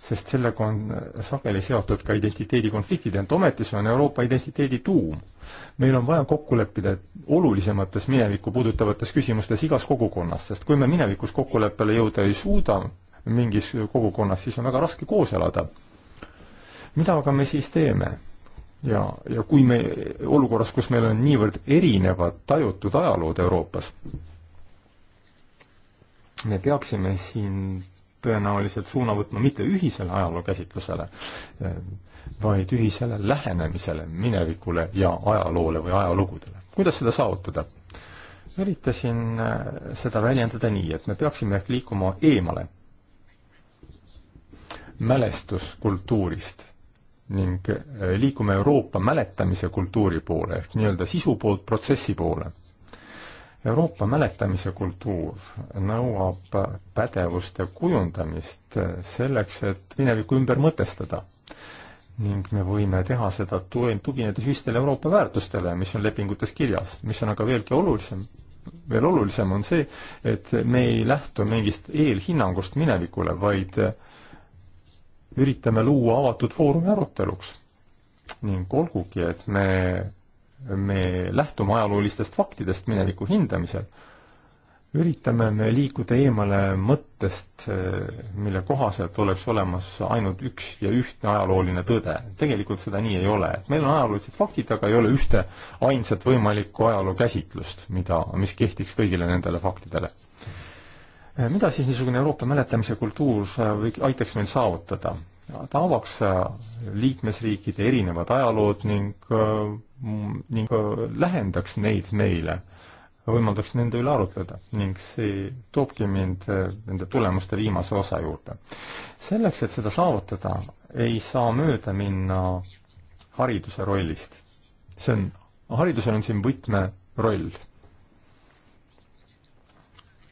sest sellega on sageli seotud ka identiteedikonfliktid, ent ometi see on Euroopa identiteedi tuum. meil on vaja kokku leppida olulisemates minevikku puudutavates küsimustes igas kogukonnas, sest kui me minevikus kokkuleppele jõuda ei suuda mingis kogukonnas, siis on väga raske koos elada. mida aga me siis teeme? ja, ja kui me olukorras, kus meil on niivõrd erinevad tajutud ajalood Euroopas, me peaksime siin tõenäoliselt suuna võtma mitte ühisele ajalookäsitlusele, vaid ühisele lähenemisele minevikule ja ajaloole või ajalugudele. kuidas seda saavutada? üritasin äh, seda väljendada nii, et me peaksime ehk liikuma eemale mälestuskultuurist ning äh, liigume Euroopa mäletamise kultuuri poole ehk nii-öelda sisu poolt protsessi poole. Euroopa mäletamise kultuur nõuab pädevuste kujundamist äh, selleks, et minevikku ümber mõtestada. ning me võime teha seda tuginedes ühistele Euroopa väärtustele, mis on lepingutes kirjas, mis on aga veelgi olulisem, veel olulisem on see, et me ei lähtu mingist eelhinnangust minevikule, vaid äh, üritame luua avatud foorumi aruteluks. ning olgugi, et me, me lähtume ajaloolistest faktidest mineviku hindamisel, üritame me liikuda eemale mõttest, mille kohaselt oleks olemas ainult üks ja ühtne ajalooline tõde. tegelikult seda nii ei ole, et meil on ajaloolised faktid, aga ei ole ühte ainsat võimalikku ajalookäsitlust, mida, mis kehtiks kõigile nendele faktidele Eh, mida siis niisugune Euroopa mäletamise kultuur eh, või aitaks meil saavutada? ta avaks eh, liikmesriikide erinevad ajalood ning, ning lähendaks neid meile, võimaldaks nende üle arutleda ning see toobki mind nende tulemuste viimase osa juurde. selleks, et seda saavutada, ei saa mööda minna hariduse rollist. see on, haridusel on siin võtmeroll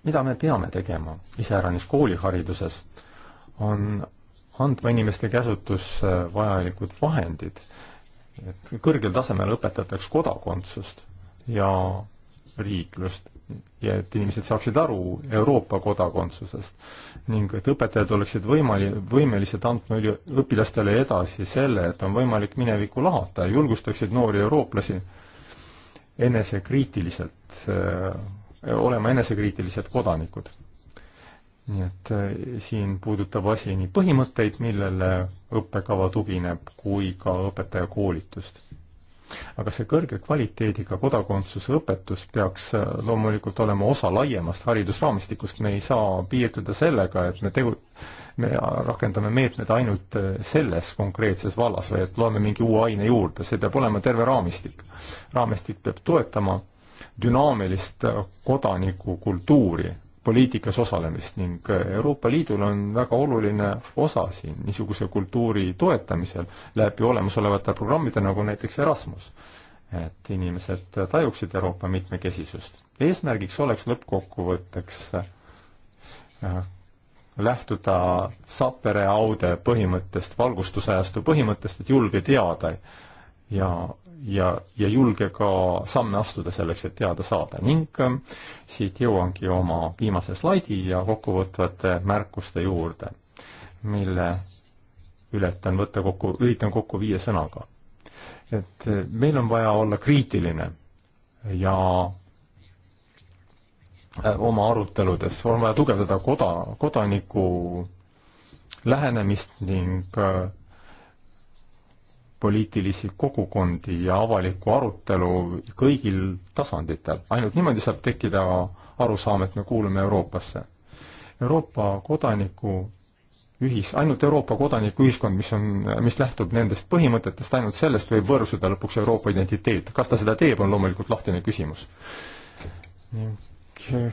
mida me peame tegema iseäranis koolihariduses, on andma inimeste käsutusse äh, vajalikud vahendid, et kõrgel tasemel õpetataks kodakondsust ja riiklust ja et inimesed saaksid aru Euroopa kodakondsusest ning et õpetajad oleksid võimali-, võimelised andma üli-, õpilastele edasi selle, et on võimalik minevikku lahata ja julgustaksid noori eurooplasi enesekriitiliselt äh, olema enesekriitilised kodanikud. nii et eh, siin puudutab asi nii põhimõtteid, millele õppekava tugineb, kui ka õpetajakoolitust. aga see kõrge kvaliteediga kodakondsuse õpetus peaks eh, loomulikult olema osa laiemast haridusraamistikust, me ei saa piirduda sellega, et me tegu-, me rakendame meetmed ainult eh, selles konkreetses vallas või et loeme mingi uue aine juurde, see peab olema terve raamistik. raamistik peab toetama dünaamilist kodanikukultuuri poliitikas osalemist ning Euroopa Liidul on väga oluline osa siin niisuguse kultuuri toetamisel läbi olemasolevate programmide, nagu näiteks Erasmus. et inimesed tajuksid Euroopa mitmekesisust. eesmärgiks oleks lõppkokkuvõtteks äh, lähtuda Sapere-Aude põhimõttest, valgustusajastu põhimõttest, et julge teada ja ja, ja julge ka samme astuda selleks, et teada saada ning ähm, siit jõuangi oma viimase slaidi ja kokkuvõtvate märkuste juurde, mille ületan võtta kokku, üritan kokku viie sõnaga. et äh, meil on vaja olla kriitiline ja äh, oma aruteludes, on vaja tugevdada koda, kodaniku lähenemist ning äh, poliitilisi kogukondi ja avalikku arutelu kõigil tasanditel. ainult niimoodi saab tekkida arusaam, et me kuulume Euroopasse. Euroopa kodaniku ühis, ainult Euroopa kodanikuühiskond, mis on, mis lähtub nendest põhimõtetest, ainult sellest võib võõrsuda lõpuks Euroopa identiteet. kas ta seda teeb, on loomulikult lahtine küsimus.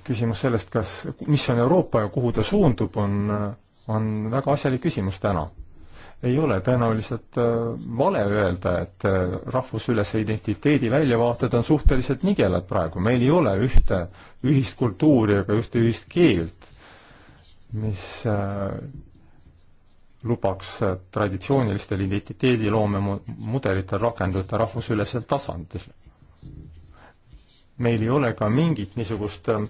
küsimus sellest, kas, mis on Euroopa ja kuhu ta suundub, on, on väga asjalik küsimus täna ei ole tõenäoliselt äh, vale öelda, et äh, rahvusülese identiteedi väljavaated on suhteliselt nigelad praegu, meil ei ole ühte ühist kultuuri ega ühte ühist keelt, mis äh, lubaks traditsioonilistel identiteediloome mudelitel rakenduda rahvusülesel tasandil meil ei ole ka mingit niisugust ähm,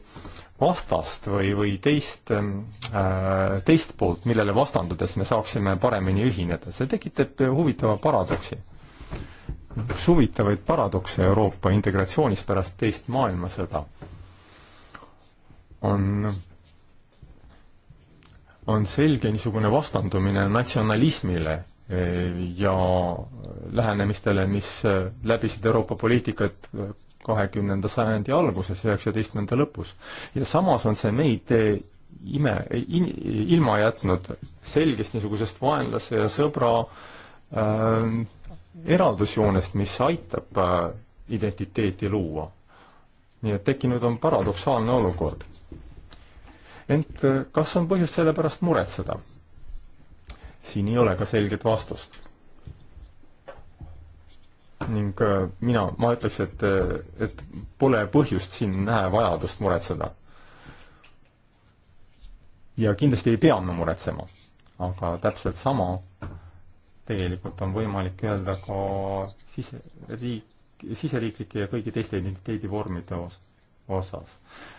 vastast või, või teist, ähm, äh, teist poolt, millele vastandudes me saaksime paremini ühineda. see tekitab äh, huvitava paradoksi. üks huvitavaid paradokse Euroopa integratsioonis pärast teist maailmasõda on, on selge niisugune vastandumine natsionalismile äh, ja lähenemistele, mis läbisid Euroopa poliitikat kahekümnenda sajandi alguses, üheksateistkümnenda lõpus. ja samas on see meid ime, ilma jätnud selgest niisugusest vaenlase ja sõbra äh, eraldusjoonest, mis aitab äh, identiteeti luua. nii et tekkinud on paradoksaalne olukord. ent äh, kas on põhjust selle pärast muretseda? siin ei ole ka selget vastust ning äh, mina, ma ütleks, et, äh, et pole põhjust siin näha vajadust muretseda. ja kindlasti ei pea me muretsema, aga täpselt sama tegelikult on võimalik öelda ka sise, riik, siseriiklike ja kõigi teiste identiteedivormide os-, osas.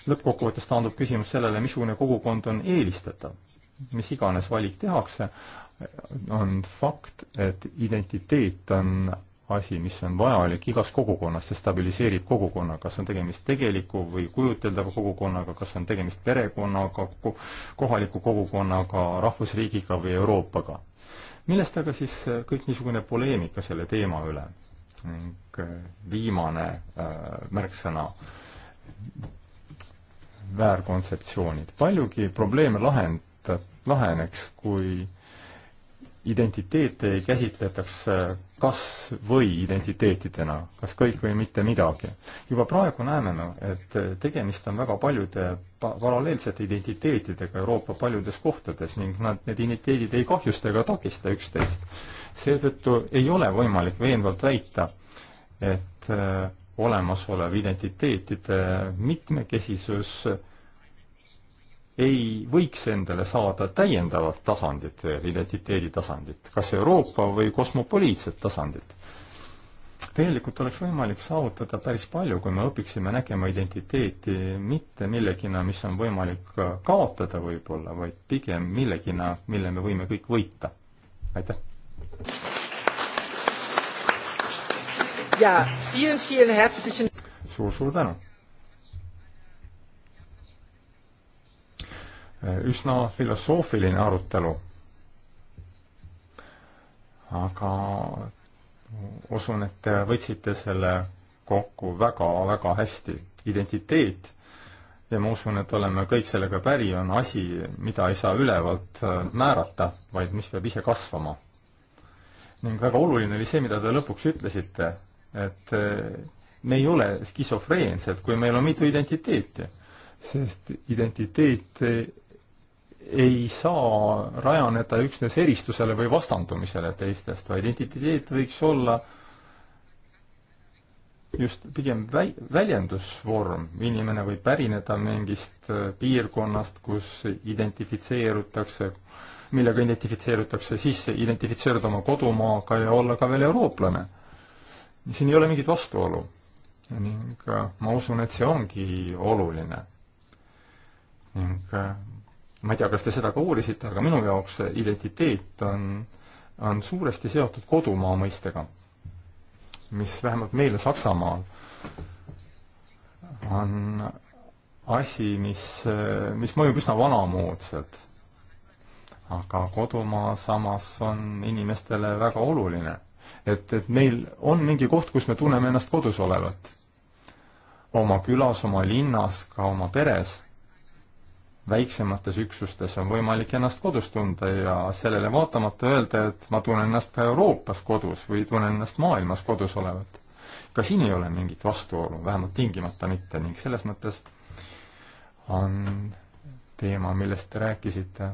lõppkokkuvõttes taandub küsimus sellele, missugune kogukond on eelistatav. mis iganes valik tehakse, on fakt, et identiteet on asi, mis on vajalik igas kogukonnas, see stabiliseerib kogukonna, kas on tegemist tegeliku või kujuteldava kogukonnaga, kas on tegemist perekonnaga, kohaliku kogukonnaga, rahvusriigiga või Euroopaga. millest aga siis äh, kõik niisugune poleemika selle teema üle? ning äh, viimane äh, märksõna, väärkontseptsioonid. paljugi probleeme lahend-, laheneks, kui identiteete ei käsitletaks äh, kas või identiteetidena, kas kõik või mitte midagi. juba praegu näeme me, et äh, tegemist on väga paljude paralleelsete identiteetidega Euroopa paljudes kohtades ning nad, need identiteedid ei kahjusta ega takista üksteist. seetõttu ei ole võimalik veenvalt väita, et äh, olemasolev identiteetide mitmekesisus äh, ei võiks endale saada täiendavat tasandit veel, identiteedi tasandit, kas Euroopa või kosmopoliitset tasandit. tegelikult oleks võimalik saavutada päris palju, kui me õpiksime nägema identiteeti mitte millegina, mis on võimalik kaotada võib-olla, vaid pigem millegina, mille me võime kõik võita. aitäh! jaa, suur-suur tänu! üsna filosoofiline arutelu, aga usun, et te võtsite selle kokku väga-väga hästi. identiteet ja ma usun, et oleme kõik sellega päri, on asi, mida ei saa ülevalt äh, määrata, vaid mis peab ise kasvama. ning väga oluline oli see, mida te lõpuks ütlesite, et äh, me ei ole skisofreensed, kui meil on mitu identiteeti. sest identiteet äh, ei saa rajaneda üksnes eristusele või vastandumisele teistest, vaid identiteet võiks olla just pigem väi-, väljendusvorm, inimene võib pärineda mingist äh, piirkonnast, kus identifitseerutakse, millega identifitseerutakse sisse, identifitseeruda oma kodumaaga ja olla ka veel eurooplane. siin ei ole mingit vastuolu. ning äh, ma usun, et see ongi oluline. ning äh, ma ei tea, kas te seda ka uurisite, aga minu jaoks identiteet on, on suuresti seotud kodumaa mõistega, mis vähemalt meile Saksamaal on asi, mis, mis mõjub üsna vanamoodsalt. aga kodumaa samas on inimestele väga oluline. et, et meil on mingi koht, kus me tunneme ennast kodus olevat. oma külas, oma linnas, ka oma peres väiksemates üksustes on võimalik ennast kodus tunda ja sellele vaatamata öelda, et ma tunnen ennast ka Euroopas kodus või tunnen ennast maailmas kodus olevat. ka siin ei ole mingit vastuolu, vähemalt tingimata mitte ning selles mõttes on teema, millest te rääkisite,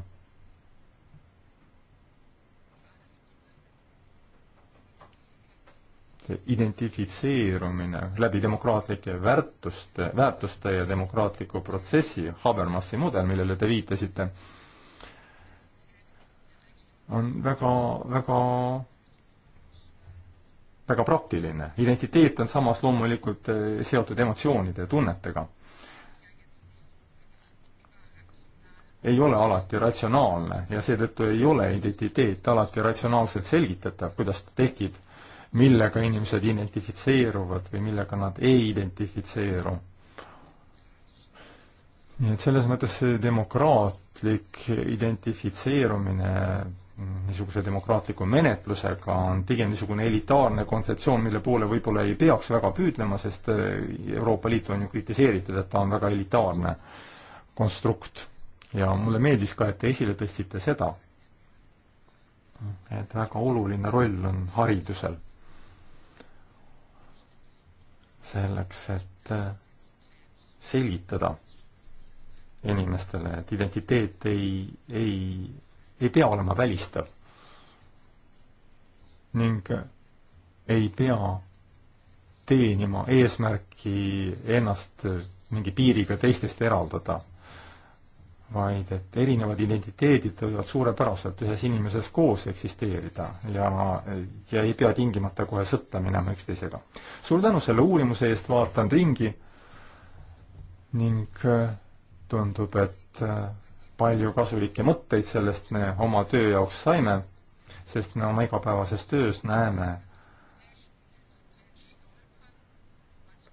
identifitseerumine läbi demokraatlike väärtuste, väärtuste ja demokraatliku protsessi, Habermasi mudel, millele te viitasite, on väga, väga, väga praktiline. identiteet on samas loomulikult eh, seotud emotsioonide ja tunnetega. ei ole alati ratsionaalne ja seetõttu ei ole identiteet alati ratsionaalselt selgitatav, kuidas ta tekib millega inimesed identifitseeruvad või millega nad ei identifitseeru. nii et selles mõttes see demokraatlik identifitseerumine niisuguse demokraatliku menetlusega on pigem niisugune elitaarne kontseptsioon, mille poole võib-olla ei peaks väga püüdlema, sest äh, Euroopa Liitu on ju kritiseeritud, et ta on väga elitaarne konstrukt. ja mulle meeldis ka, et te esile tõstsite seda, et väga oluline roll on haridusel selleks, et äh, selgitada inimestele, et identiteet ei, ei, ei pea olema välistav. ning äh, ei pea teenima eesmärki ennast mingi piiriga teistest eraldada vaid et erinevad identiteedid võivad suurepäraselt ühes inimeses koos eksisteerida ja, ja ei pea tingimata kohe sõtta minema üksteisega. suur tänu selle uurimuse eest, vaatan ringi ning äh, tundub, et äh, palju kasulikke mõtteid sellest me oma töö jaoks saime, sest me oma igapäevases töös näeme,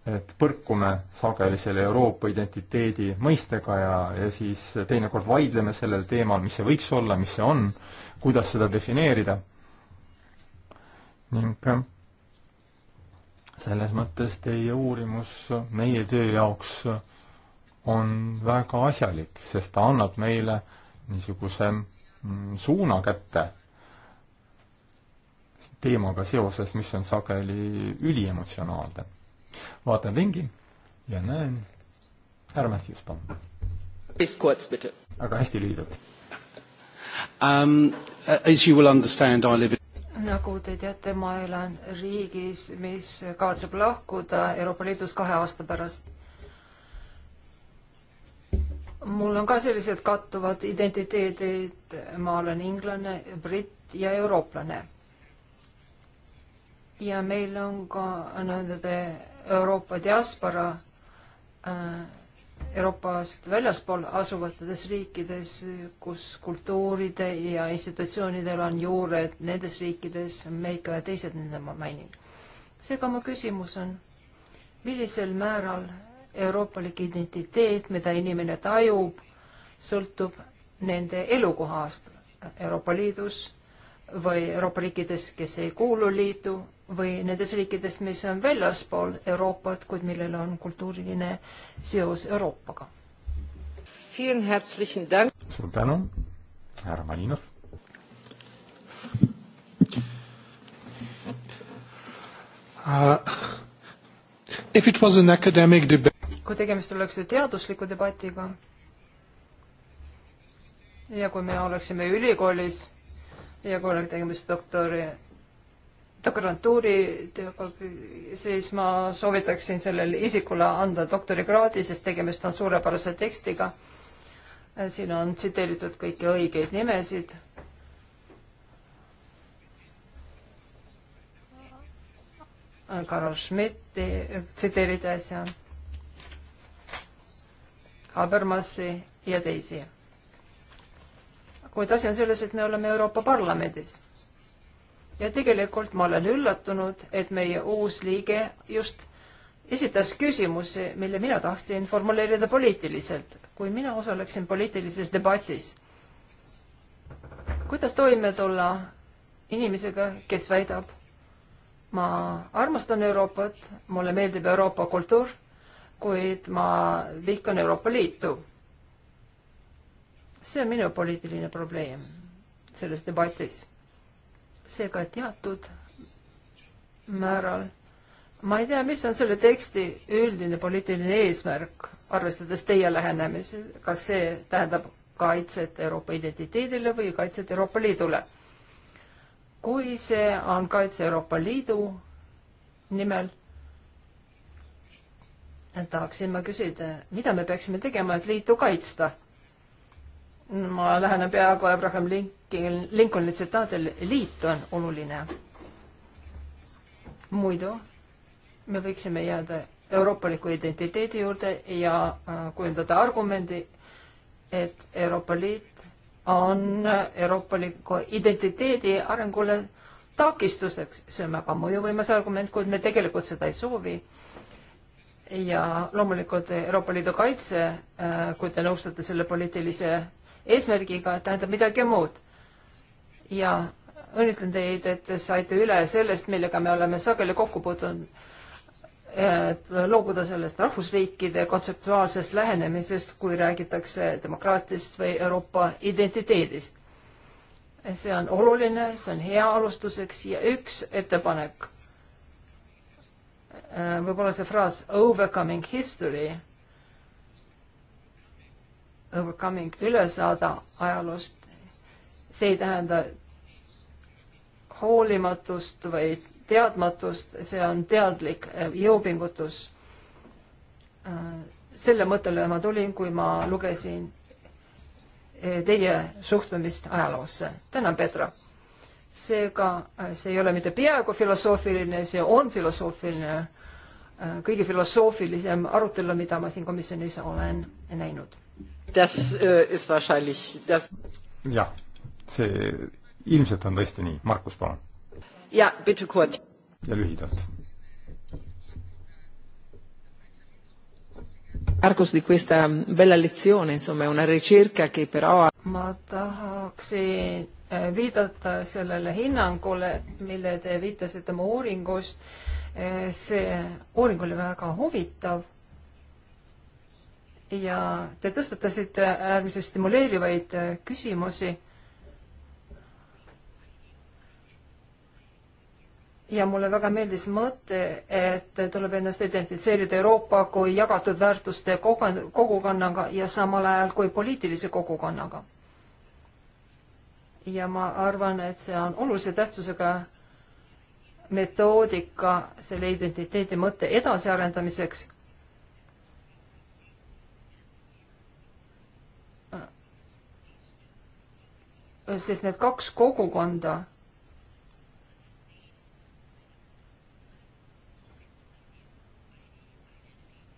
et põrkume sageli selle Euroopa identiteedi mõistega ja, ja siis teinekord vaidleme sellel teemal, mis see võiks olla, mis see on, kuidas seda defineerida. ning äh, selles mõttes teie uurimus meie töö jaoks on väga asjalik, sest ta annab meile niisuguse mm, suuna kätte teemaga seoses, mis on sageli üliemotsionaalne vaatan ringi ja näen, härra Matthews, palun. aga hästi lühidalt um,. As you will understand, I live in nagu te teate, ma elan riigis, mis kavatseb lahkuda Euroopa Liidust kahe aasta pärast. mul on ka sellised kattuvad identiteedid, ma olen inglane, britt ja eurooplane. ja meil on ka nende Euroopa diaspora äh, Euroopast väljaspool asuvates riikides, kus kultuuride ja institutsioonidel on juured nendes riikides, Ameerika ja teised nende ma mainin. seega mu küsimus on, millisel määral euroopalik identiteet, mida inimene tajub, sõltub nende elukohast Euroopa Liidus või Euroopa riikides, kes ei kuulu liitu või nendes riikides, mis on väljaspool Euroopat, kuid millel on kultuuriline seos Euroopaga. suur tänu, härra Malinov. Uh, if it was an academic debate kui tegemist oleks teadusliku debatiga ja kui me oleksime ülikoolis ja kui oleks tegemist doktori doktorantuuri tööga, siis ma soovitaksin sellele isikule anda doktorikraadi, sest tegemist on suurepärase tekstiga. siin on tsiteeritud kõiki õigeid nimesid. Karl Schmidti tsiteeriti äsja, Habermassi ja teisi. kuid asi on selles, et me oleme Euroopa Parlamendis ja tegelikult ma olen üllatunud, et meie uus liige just esitas küsimuse, mille mina tahtsin formuleerida poliitiliselt, kui mina osaleksin poliitilises debatis. kuidas toime tulla inimesega, kes väidab, ma armastan Euroopat, mulle meeldib Euroopa kultuur, kuid ma vihkan Euroopa Liitu. see on minu poliitiline probleem selles debatis seega teatud määral. ma ei tea, mis on selle teksti üldine poliitiline eesmärk, arvestades teie lähenemisi, kas see tähendab kaitset Euroopa identiteedile või kaitset Euroopa Liidule. kui see on kaitse Euroopa Liidu nimel, tahaksin ma küsida, mida me peaksime tegema, et liitu kaitsta? ma lähenen peaaegu Abraham Lincoln Lincolni tsitaadel liit on oluline. muidu me võiksime jääda euroopaliku identiteedi juurde ja äh, kujundada argumendi, et Euroopa Liit on euroopaliku identiteedi arengule takistuseks, see on väga mõjuvõimas argument, kuid me tegelikult seda ei soovi. ja loomulikult Euroopa Liidu kaitse, äh, kui te nõustute selle poliitilise eesmärgiga, tähendab midagi muud ja õnnitlen teid, et te saite üle sellest, millega me oleme sageli kokku puutunud, et loobuda sellest rahvusriikide kontseptuaalsest lähenemisest, kui räägitakse demokraatiast või Euroopa identiteedist. see on oluline, see on hea alustuseks ja üks ettepanek, võib-olla see fraas overcoming history, overcoming üle saada ajaloost see ei tähenda hoolimatust või teadmatust, see on teadlik eh, jõupingutus. Äh, selle mõttele ma tulin, kui ma lugesin eh, teie suhtumist ajaloosse. tänan, Petra! seega äh, see ei ole mitte peaaegu filosoofiline, see on filosoofiline, äh, kõige filosoofilisem arutelu, mida ma siin komisjonis olen näinud. jah, see ilmselt on tõesti nii. Markus, palun. ja, ja lühidalt. Markus di questa bella lezione, insomma, è una ricerca che però... Ma tahaksin eh, viidata sellele hinnangule, mille te viitasite oma uuringust. Eh, see uuring oli väga huvitav. ja te tõstatasite äärmiselt stimuleerivaid eh, küsimusi ja mulle väga meeldis mõte, et tuleb ennast identifitseerida Euroopa kui jagatud väärtuste kogukonnaga ja samal ajal kui poliitilise kogukonnaga. ja ma arvan, et see on olulise tähtsusega metoodika selle identiteedi mõtte edasiarendamiseks. sest need kaks kogukonda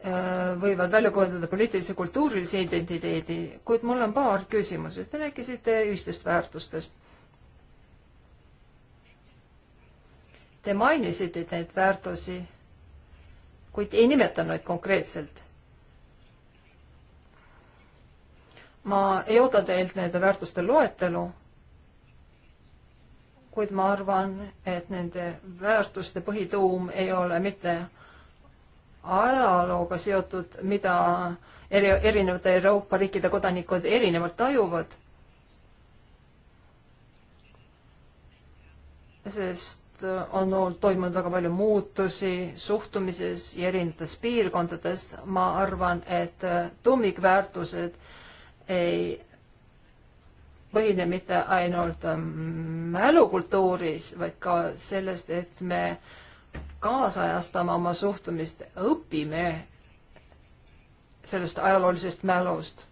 Äh, võivad välja kujundada poliitilise kultuurilise identiteedi, kuid mul on paar küsimust. Te rääkisite ühistest väärtustest. Te mainisite neid väärtusi, kuid ei nimetanud konkreetselt. ma ei oota teilt nende väärtuste loetelu, kuid ma arvan, et nende väärtuste põhituum ei ole mitte ajalooga seotud, mida eri, erinevate Euroopa riikide kodanikud erinevalt tajuvad. sest äh, on olnud, toimunud väga palju muutusi suhtumises ja erinevates piirkondades. ma arvan, et äh, tuumikväärtused ei põhine mitte ainult ähm, mälukultuuris, vaid ka sellest, et me äh, kaasajastama oma suhtumist, õpime sellest ajaloolisest mälust.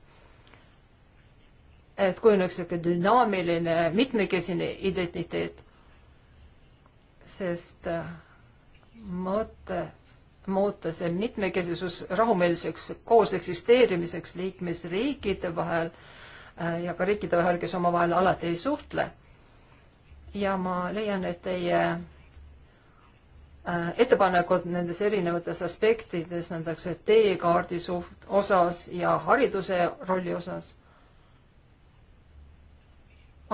et kujuneks niisugune dünaamiline mitmekesine identiteet. sest äh, mõte, muuta see mitmekesisus rahumeelseks koos eksisteerimiseks liikmesriikide vahel äh, ja ka riikide vahel, kes omavahel alati ei suhtle. ja ma leian, et teie Äh, ettepanekud nendes erinevates aspektides, nõndaks teekaardi suht osas ja hariduse rolli osas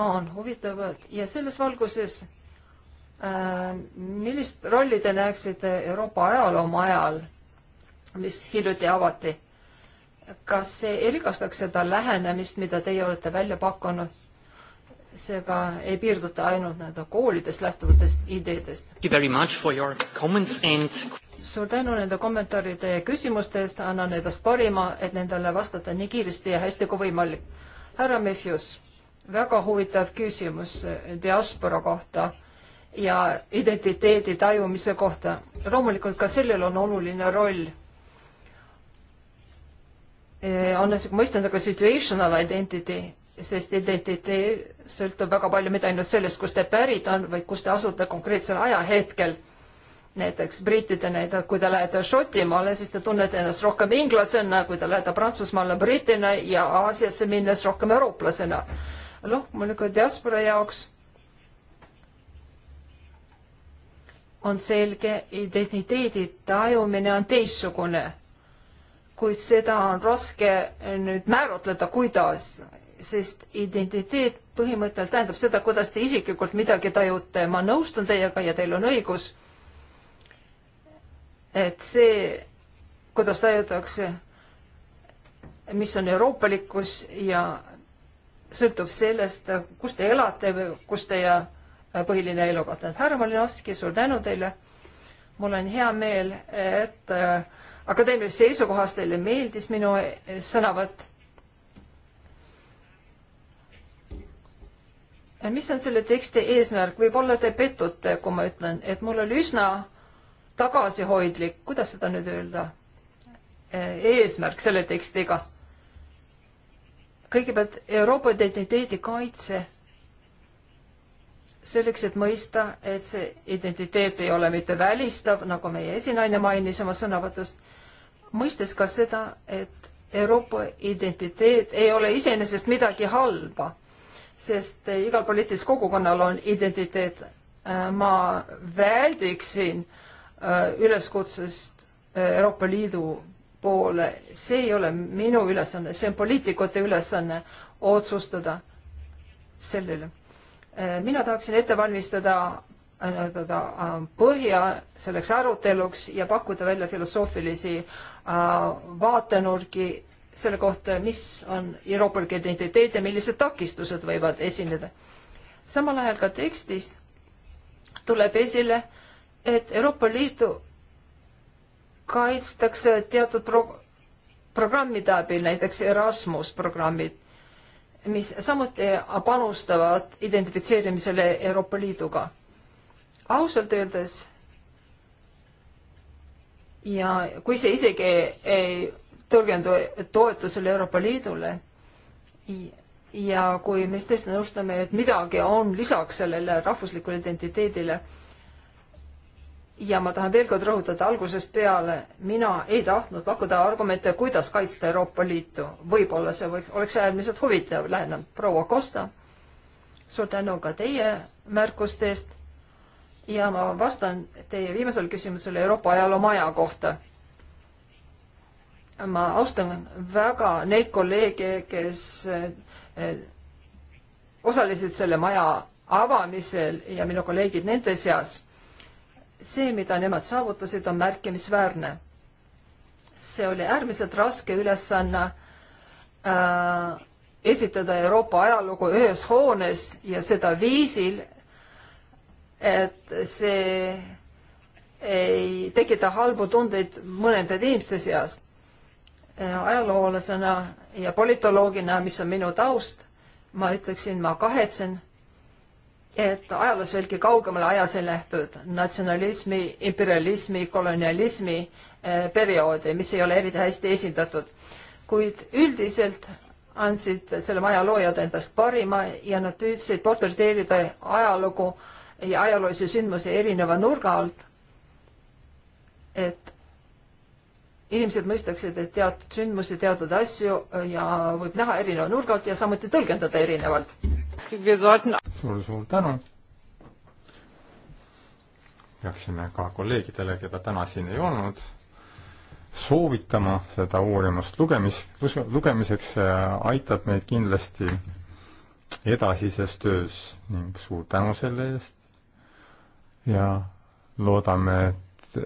on huvitavad ja selles valguses äh,, millist rolli te näeksite Euroopa ajaloomajal, mis hiljuti avati? kas see erikastaks seda lähenemist, mida teie olete välja pakkunud? seega ei pirduta ainult nii-öelda koolidest lähtuvatest ideedest. suur tänu nende kommentaaride ja küsimuste eest, annan endast parima, et nendele vastata nii kiiresti ja hästi kui võimalik. härra Mihjus, väga huvitav küsimus diaspora kohta ja identiteedi tajumise kohta. loomulikult ka sellel on oluline roll eh, on niisugune mõistend, aga situational identity sest identiteet sõltub väga palju mitte ainult sellest, kust te pärit on, vaid kus te asute konkreetsel ajahetkel. näiteks brittide näide, kui te lähete Šotimaale, siis te tunnete ennast rohkem inglasena, kui te lähete Prantsusmaale britina ja Aasiasse minnes rohkem eurooplasena. loomulikult diaspora jaoks on selge, identiteedi tajumine on teistsugune kuid seda on raske nüüd määratleda, kuidas sest identiteet põhimõtteliselt tähendab seda, kuidas te isiklikult midagi tajute. ma nõustun teiega ja teil on õigus, et see, kuidas tajutakse, mis on euroopalikkus ja sõltub sellest, kus te elate või kus teie äh, põhiline elukoht on. härra Malinovski, suur tänu teile. mul on hea meel, et äh, akadeemilisest seisukohast teile meeldis minu äh, sõnavõtt mis on selle teksti eesmärk, võib-olla te pettute, kui ma ütlen, et mul oli üsna tagasihoidlik, kuidas seda nüüd öelda, e, eesmärk selle tekstiga. kõigepealt Euroopa identiteedi kaitse selleks, et mõista, et see identiteet ei ole mitte välistav, nagu meie esinaine mainis oma sõnavõtust, mõistes ka seda, et Euroopa identiteet ei ole iseenesest midagi halba sest igal poliitilisel kogukonnal on identiteet. Äh, ma väldiksin äh, üleskutsest äh, Euroopa Liidu poole, see ei ole minu ülesanne, see on poliitikute ülesanne otsustada selle üle. mina tahaksin ette valmistada nii-öelda põhja selleks aruteluks ja pakkuda välja filosoofilisi vaatenurki selle kohta, mis on euroopalik identiteet ja millised takistused võivad esineda. samal ajal ka tekstis tuleb esile, et Euroopa Liidu kaitstakse teatud pro-, programmide abil, näiteks Erasmus programmid, mis samuti panustavad identifitseerimisele Euroopa Liiduga. ausalt öeldes ja kui see isegi ei tõlgendu-, toetusele Euroopa Liidule ja kui me siis tõesti nõustame, et midagi on lisaks sellele rahvuslikule identiteedile, ja ma tahan veel kord rõhutada algusest peale, mina ei tahtnud pakkuda argumente, kuidas kaitsta Euroopa Liitu. võib-olla see võiks, oleks äärmiselt huvitav, lähen proua Kosta, suur tänu ka teie märkuste eest ja ma vastan teie viimasele küsimusele Euroopa ajaloo maja kohta ma austan väga neid kolleege, kes eh, osalesid selle maja avamisel ja minu kolleegid nende seas. see, mida nemad saavutasid, on märkimisväärne. see oli äärmiselt raske ülesanne äh, esitada Euroopa ajalugu ühes hoones ja seda viisil, et see ei tekita halbu tundeid mõnede inimeste seas Äh, ajaloolasena ja politoloogina, mis on minu taust, ma ütleksin, ma kahetsen, et ajaloos veelgi kaugemale ajas ei lähtud natsionalismi, imperialismi, kolonialismi äh, perioodi, mis ei ole eriti hästi esindatud. kuid üldiselt andsid selle maja loojad endast parima ja nad püüdsid portreteerida ajalugu ja ajaloolisi sündmusi erineva nurga alt. et inimesed mõistaksid, et teatud sündmusi, teatud asju äh, ja võib näha erineva nurga alt ja samuti tõlgendada erinevalt. suur-suur tänu. peaksime ka kolleegidele, keda täna siin ei olnud, soovitama seda uurimust lugemis, lugemiseks, see äh, aitab meid kindlasti edasises töös ning suur tänu selle eest ja loodame, et,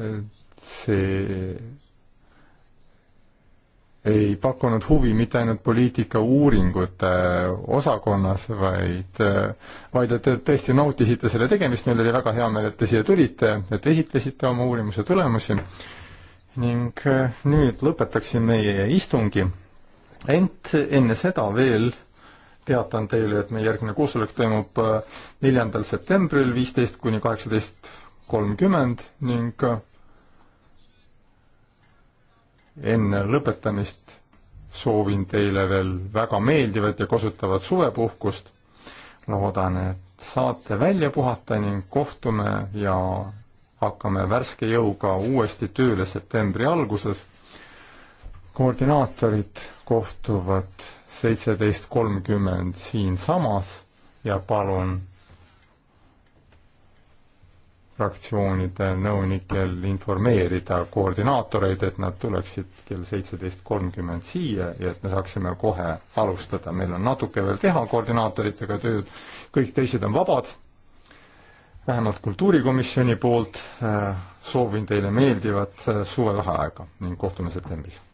et see ei pakkunud huvi mitte ainult poliitikauuringute osakonnas, vaid, vaid et te tõesti nautisite selle tegemist, meil oli väga hea meel, et te siia tulite, et esitlesite oma uurimuse tulemusi ning eh, nüüd lõpetaksin meie istungi. ent enne seda veel teatan teile, et meie järgmine koosolek toimub eh, neljandal septembril viisteist kuni kaheksateist kolmkümmend ning eh, enne lõpetamist soovin teile veel väga meeldivat ja kasutavat suvepuhkust. loodan, et saate välja puhata ning kohtume ja hakkame värske jõuga uuesti tööle septembri alguses. koordinaatorid kohtuvad seitseteist kolmkümmend siinsamas ja palun fraktsioonide nõunikel informeerida koordinaatoreid, et nad tuleksid kell seitseteist kolmkümmend siia ja et me saaksime kohe alustada. meil on natuke veel teha koordinaatoritega tööd, kõik teised on vabad, vähemalt kultuurikomisjoni poolt äh, soovin teile meeldivat äh, suvevaheaega ning kohtume septembris